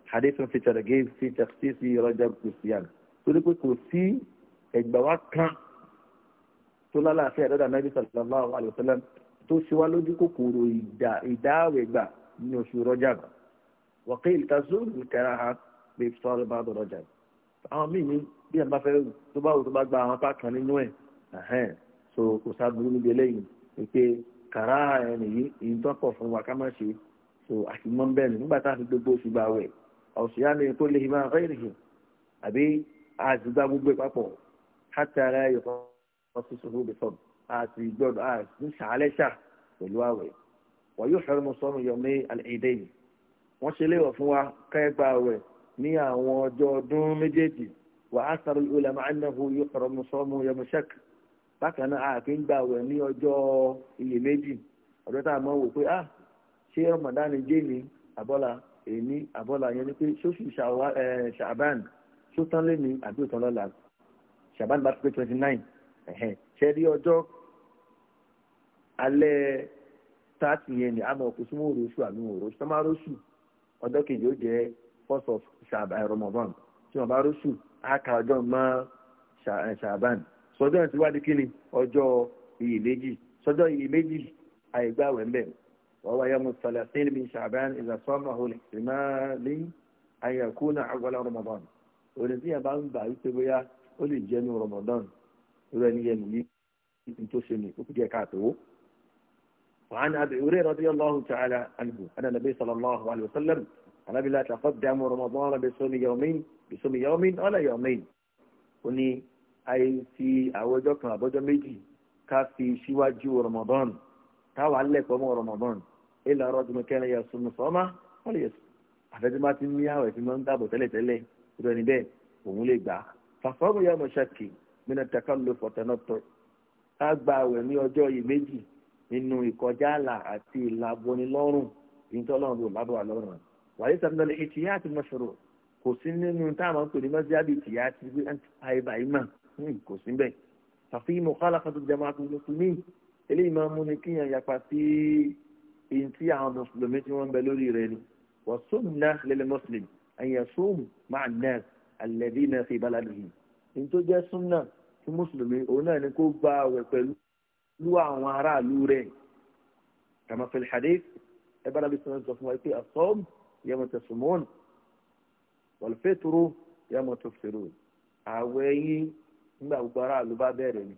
حديث في ترغيب في تخصيص رجب الصيام torí pé kò sí ẹgbà wa kan tó lálàáfíà dọ́dà nàbí sallallahu alayhi wa sallam tó ṣe wá lójú kòkòrò ìdáwẹ̀ gbà ní oṣù rọ́jà bá wọ́kẹ́ ìtàzó ìkẹrà ha pé sọ́ọ́rọ́ bá dọ̀ rọ́jà bá àwọn míì ní bí ẹ̀ bá fẹ́ tó bá wù tó bá gba àwọn apá kan nínú ẹ̀ ẹ̀hẹ́n so kò sá burú níbi eléyìí pé kàrá ẹ̀ nìyí ìyí tó pọ̀ fún wa ká má ṣe é so àti mọ́ bẹ́ẹ̀ nígbà tá a fi gbogbo oṣù gbà wẹ̀ ọ̀sùn yá lóyún tó lè máa rẹ́ ìrìn àbí àdúgbà gbogbo papọ̀ hátara ẹ̀yọ̀kan ọtí sọ̀rọ̀ òbí sọ̀rọ̀ àti gbọ́dọ̀ àti sàálẹ́sà pẹ̀lú àwẹ̀ wọ́n yóò fẹ́ràn mọ́ sọ́nù yọmí àlẹ́dẹ́ yìí wọ́n ṣe léwọ̀ fún wa kẹ́gbà àwẹ̀ ní àwọn ọjọ́ ọdún méjèèjì wà á sọ̀rọ̀ ìlú àmàlẹ́hu yóò fẹ́ràn mọ́ sọ́nù yọmí sẹ́k bákan náà àfi ń gbà àwẹ̀ ní ọjọ́ iyèméjì ọ̀dọ́ tá a wò pé ah ṣé ramadan jẹ́ ní àbọ́là èmi àbọ́là yẹn ni pé ṣóṣù ṣàbán ṣó tán lé ní àbí òtán lọ́la ṣàbán bá pé twenty nine ṣe rí ọjọ́ alẹ́ tààtì yẹn ni àmọ́ kò súnmọ́ òròṣù àmì òròṣù tó máa róṣù ọjọ́ kejì ó jẹ́ first of ṣàbán ramadan tí wọ́n bá róṣù á ka ọjọ́ mọ́ ṣàbán sọjọ́ ìtiwádìí kí ni ọjọ́ iyèméjì sọjọ́ iyèméjì àìgbáwẹ̀ ń bẹ̀rẹ̀. وهو يوم الثلاثين من شعبان إذا صامه الاحتمال أن يكون أول رمضان ونزيه بعض بعض بيا قل جن رمضان ولي يملي انتسني وكدي كاتو وعن أبي هريرة رضي الله تعالى عنه أن النبي صلى الله عليه وسلم أنا بلا تقدم رمضان بصوم يومين بصوم يوم ولا يومين وني أي في أوجه كان أبوجه ميجي ká fi síwájú rọmọdán táwa lẹ́kọ̀ọ́ ilà rọ́ọ̀dù mẹ́kẹ́rin yà sùn sọ́mà wọ́n lè yẹsùn àfẹ́tí má ti ní àwẹ̀ tí máa ń dáàbò tẹ́lẹ̀ tẹ́lẹ̀ irú ẹni bẹ́ẹ̀ òun lè gbà á fàfọ́ọ̀mù yà mọ̀ṣákì mìíràn tẹ̀ka ló fọ̀tẹ́nà tọ́ á gba àwẹ̀ ní ọjọ́ yìí méjì nínú ìkọjá àlà àti ìlàbọnilọ́rùn ìtọ́lọ́run ló lábọ̀ àlọ́run wàyí sàmìlẹ̀ ìtìyà àti mọ̀ṣọ̀rọ̀ hmm, kò èyí tí àwọn mùsùlùmí tí wọ́n ń bẹ lórí rẹ̀ ni wọ́n sunna lil muslim an yasum ma'a an-nas alladhina fi baladihim èyí tó jẹ́ sunna fún mùsùlùmí òun náà ni kó gba àwẹ̀ pẹ̀lú lú àwọn aráàlú rẹ̀ kama fil hadith ẹ bá lábẹ́ sọ fún wa pé as-sawm yawma tasumon wal-fitru yawma tuftirun àwẹ̀ yín nígbà gbogbo aráàlú bá bẹ̀rẹ̀ ni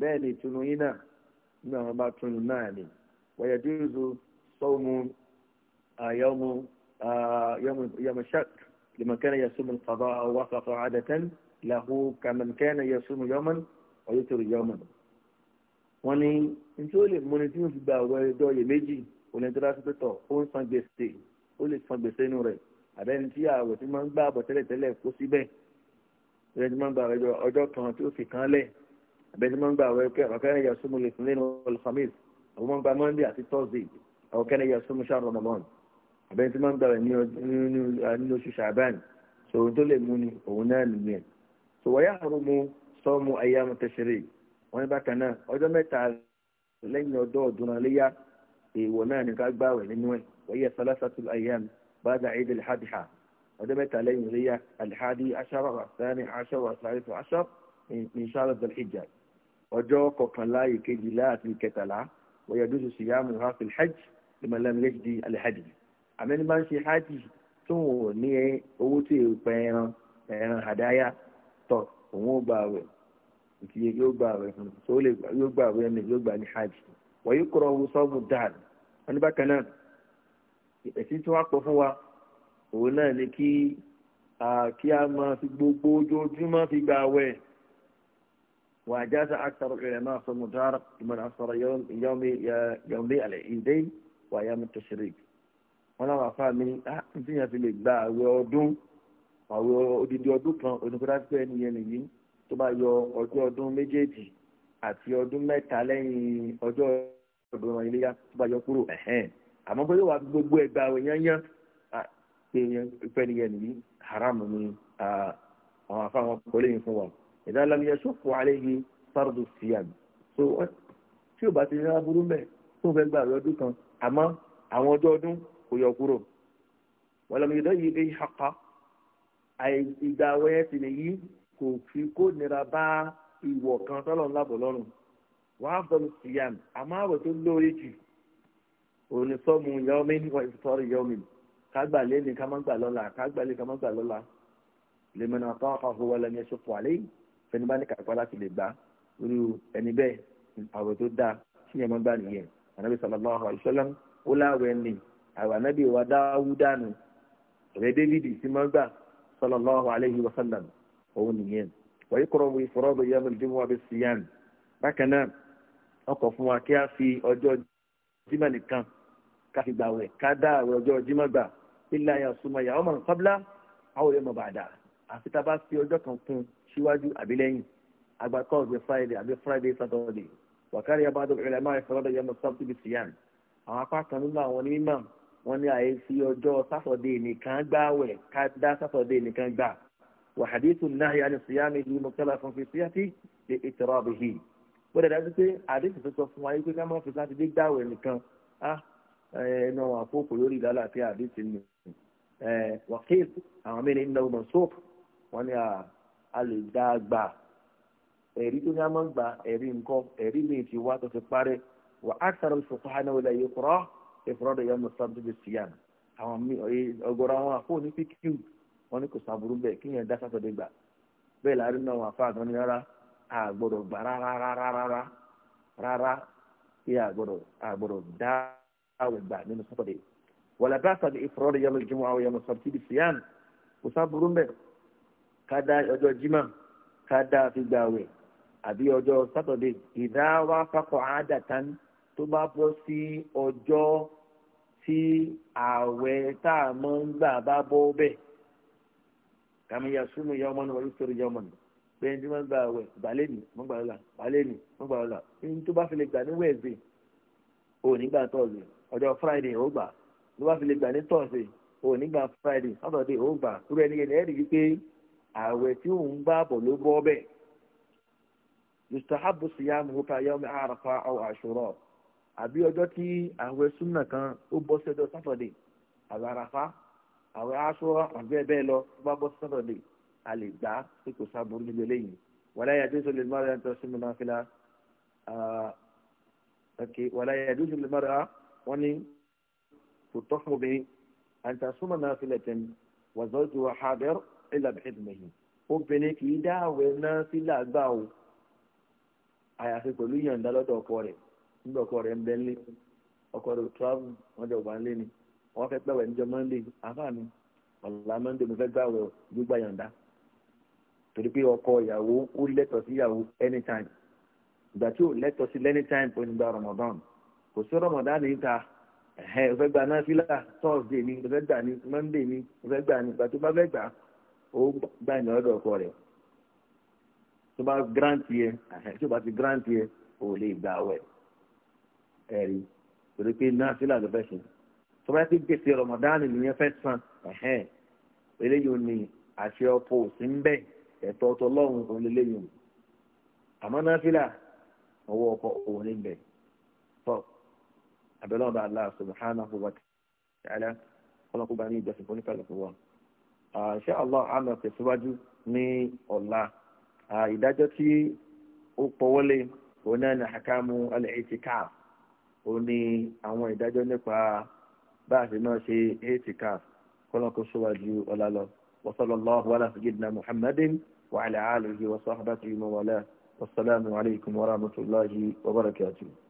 bẹ́ẹ̀ ni ìtùnú yín náà nígbà wọn bá túnú náà ni. ويجوز صوم آه، يوم آه، يوم يوم الشك لمن كان يصوم القضاء او وقف عاده له كمن كان يصوم يوما ويتر يوما وني انتو لي مونيتي في با ودو يمجي ونترا سبتو اون سان بيستي اول سان بيستي نور ابن تي او تي مان با بو تيلي تيلي كو سي بي ريد مان با ريدو اوجو كان تو في كان لي ابن مان با وكان يصوم الاثنين والخميس ومن بعد ما نبي عطي أو كان يصوم شهر رمضان بين ثمان ده نيو نيو نيو نيو شو شعبان سو دول موني ونا المين سو يحرم صوم أيام التشريع وين بقى أنا أيضا ما تعال لين يودو دونالية ونا نقال باوي لنوي وهي ثلاثة الأيام بعد عيد الحادي حا وده ما تعال لين هي الحادي عشر الثاني عشر والثالث عشر من شهر ذي الحجة وجوكو كلاي كجلات الكتلة ويجوز صيامها في الحج لمن لم يجد الهدي àmọ́ ẹni bá ń ṣe hajj tó wọn ò ní owó tó èrò pa ẹran ẹran àdáyà tọ̀ òun ó gba àwẹ̀ ìkìyè yóò gba àwẹ̀ tó lè yóò gba àwẹ̀ ẹni yóò gba ní hajj wọ́n yóò kọ́ ọ́n sọ́ọ̀bù dáàd wọ́n ní bákan náà ẹ̀sí tí wọ́n á pọ̀ fún wa òun náà ni kí a máa fi gbogbo ojoojúmọ́ fi gba àwẹ̀ وأجاز أكثر العلماء في المدار من أصدر يوم يوم يومي العيدين وأيام التشريق wọ́n náà wà fáà mi ní ìyẹn fi lè gba àwẹ̀ ọdún àwẹ̀ odidi ọdún kan onígbọ́dá pé ẹni yẹn nìyí tó bá yọ ọjọ́ ọdún méjèèjì àti ọdún mẹ́ta lẹ́yìn ọjọ́ ọdún ọ̀ràn iléyà tó bá yọ kúrò àmọ́ bóyá wà gbogbo ẹgbẹ́ àwẹ̀ yányán pé ẹni yẹn nìyí haram ni àwọn afáwọn kọ́lé fún wa. إذا لم يشف عليه فرض الصيام so tí o bá ti rárá burú mẹ́ tó fẹ́ gbà lọ́dún kan àmọ́ àwọn ọjọ́ ọdún kò yọ kúrò wọ́n lọ́mọ ìdọ́ yìí léyìí ṣàkà ìgbà awẹ́yẹ sì lè yí kò fi kó nira bá ìwọ̀ kan tọ́lọ̀ ńlá bọ̀ lọ́rùn wọ́n á bọ̀lù síyàm àmọ́ àwẹ̀ tó lóore jù òní sọ́mu yọmi wọ́n ìfọ̀rọ̀ yọmi kágbà lẹ́ni ká má gbà lọ́la kágbà lẹ́ni ká má gbà lọ́la lèmọ̀nà àtọ́ àkọ́kọ́ wọlé ní ẹ̀ṣọ́ fẹni bá ní kàkọ́ láti lè gbà irú ẹni bẹ́ẹ̀ àwẹ̀ tó dáa tí yẹn mọ́ gbà nìyẹn ànábì sallallahu alaihi wasallam ó láwẹ̀ ni àwẹ̀ ànábì wa dáwúdà nù ọ̀rẹ́ dávidi tí mọ́ gbà sallallahu alaihi wasallam òun nìyẹn wọ́n yìí kọ́rọ̀ wọ ìfọ̀rọ̀dọ̀ yẹn mi dùn wọn bí siyan bákan náà ọkọ̀ fún wa kí a fi ọjọ́ jímọ̀ nìkan ká fi gbàwẹ̀ ká dá àwẹ̀ ọjọ́ jímọ̀ gbà ilé ayé ọ̀sùnmọ̀ yà ọmọ nǹkan bla àwọn olè mọ̀ bàdà àfi tá a bá fi ọjọ́ kan kún un síwájú àbí lẹ́yìn agba thursday friday àbí friday saturday wàkàrí abájọ ìrẹ̀lẹ̀ máa ìfọwọ́dọ̀ yẹn mọ̀sáfù bíi siyan àwọn apá kan nínú àwọn onímọ̀ wọn ní àyè sí ọjọ́ saturday nìkan gbààwẹ̀ ká dá saturday nìkan gbà wàhadìsù náà yà ni siyan ìlú mọ̀kálà fún fi síyàtì lè ìtọ́rọ̀ àbíhì ó dẹ̀ dájú pé àdéhùn tó sọ fún wa yìí pé fi sátidé gbààwẹ̀ nìkan á ẹnu àwọn àpòkò lórí ìdálàfíà àdéhùn nù wàkíl àwọn mẹ́rin náà mọ̀ sóòpù wọn ní a lè dá a gbà ẹ̀rí tó ní a máa ń gbà ẹ̀rí nǹkan ẹ̀rí mi ti wá tó fi parẹ́ wà á sàrò ìfọ̀kọ́ hàn wọlé ayé kúrọ́ ìfọ̀rọ̀ dẹ̀ yẹn mọ̀sán tó fi sí yàn àwọn mi ọgọ́rọ̀ àwọn àpò ní pq wọn ní kò sàbùrù bẹ́ẹ̀ kí yẹn dá sátọ̀dẹ̀ gbà bẹ́ẹ̀ láàrin náà wà fáà dání rárá àgbọ̀dọ̀ gbà rárá rárá kí àgbọ̀dọ̀ àgbọ̀dọ̀ dá gbà nínú sátọ̀dẹ̀ wọ̀lẹ̀ bá Kada dá ọjọ́ jimá ká dá fi gbà wẹ̀ àbí ọjọ́ sátọ̀dé ìdá wa fakọ̀ àádàtán tó bá bọ́ sí ọjọ́ tí ààwẹ̀ tá a mọ̀ ń gbà bá bọ́ bẹ́ẹ̀ kàmíyà súnmù yà ọmọ níwájú sórí yà ọmọ nù bẹ́ẹ̀ tí wọ́n gbà wẹ̀ balẹ̀ nì wọ́n gbà ọ̀la balẹ̀ nì wọ́n gbà ọ̀la ní tó bá fi lè gbà ní wẹ̀ẹ́sì òní gbà tọ́sí ọjọ́ friday ó gbà tó bá fi lè gbà ní tọ́sí òní gbà friday sátọ̀dé ó gbà rú ẹni yẹn ẹ̀rí wípé ààwẹ̀ tí òun bá bọ̀ ló bọ́ bẹ́ẹ̀ yustahabu siyamu hupa yomi arafa aw ashura àbí ọjọ́ tí ààwẹ̀ súnà kan ó bọ́ sí ọjọ́ sátọ̀dẹ̀ àwẹ̀ àràfá àwẹ̀ aṣọ́ra àbí ẹ̀ bẹ́ẹ̀ lọ tó bá bọ́ sí sátọ̀dẹ̀ a lè gbà pé kò sábòrò níbi eléyìí wàlá yajuzu lil mar'a an tasuma nafila wàlá yajuzu lil mar'a wọ́n ní kò tọ́ fún obìnrin an tasuma nafilatan wa zawjuha ilà bìtẹ́tìmẹ̀yìn obìnrin kì í dá àwẹ̀ náà sílà gbà o àyàfi pẹ̀lú yọ̀ǹda lọ́dọ̀ ọkọ rẹ̀ nígbà ọkọ rẹ̀ ń bẹ́ travel wọ́n jọ ni wọ́n fẹ́ níjọ monday ọ̀la monday mo fẹ́ gbà wẹ̀ gbígbà yọ̀ǹda torí pé ọkọ ìyàwó ó lẹ́tọ̀ọ́ sí ìyàwó anytime ìgbà tí lẹ́tọ̀ọ́ sí anytime ramadan ó gba ní ọ̀dọ̀ ọkọ rẹ̀ tó bá gírántì yẹ tó bá ti gírántì yẹ ò lè gbà wẹ̀ ẹ̀rí torí pé násìlà ló fẹ́ sùn tó bá ti gbèsè rọmọdánì nìyẹn fẹ́ eléyìí ni àṣẹ ọkọ òsì ń ẹ̀tọ́ ọtọ lélẹ́yìn àmọ́ ọwọ́ ọkọ òun ní bẹ̀ tọ́ abẹ́lẹ́ ọ̀dọ̀ Allah subhanahu wa bá ní ìjọsìn fún wọn. insha Allah àmọ́ tẹ̀síwájú ní ọ̀la ìdájọ́ tí ó pọ̀wọ́lé òun náà ní àkàmú al-i'tikaf òun ní àwọn ìdájọ́ nípa bá a ṣe máa ṣe i'tikaf kọ́lọ́kọ́ síwájú ọ̀la lọ wa sallallahu ala sayyidina muhammadin wa ala alihi wa sahbihi wa wala wassalamu alaykum wa rahmatullahi wa barakatuh.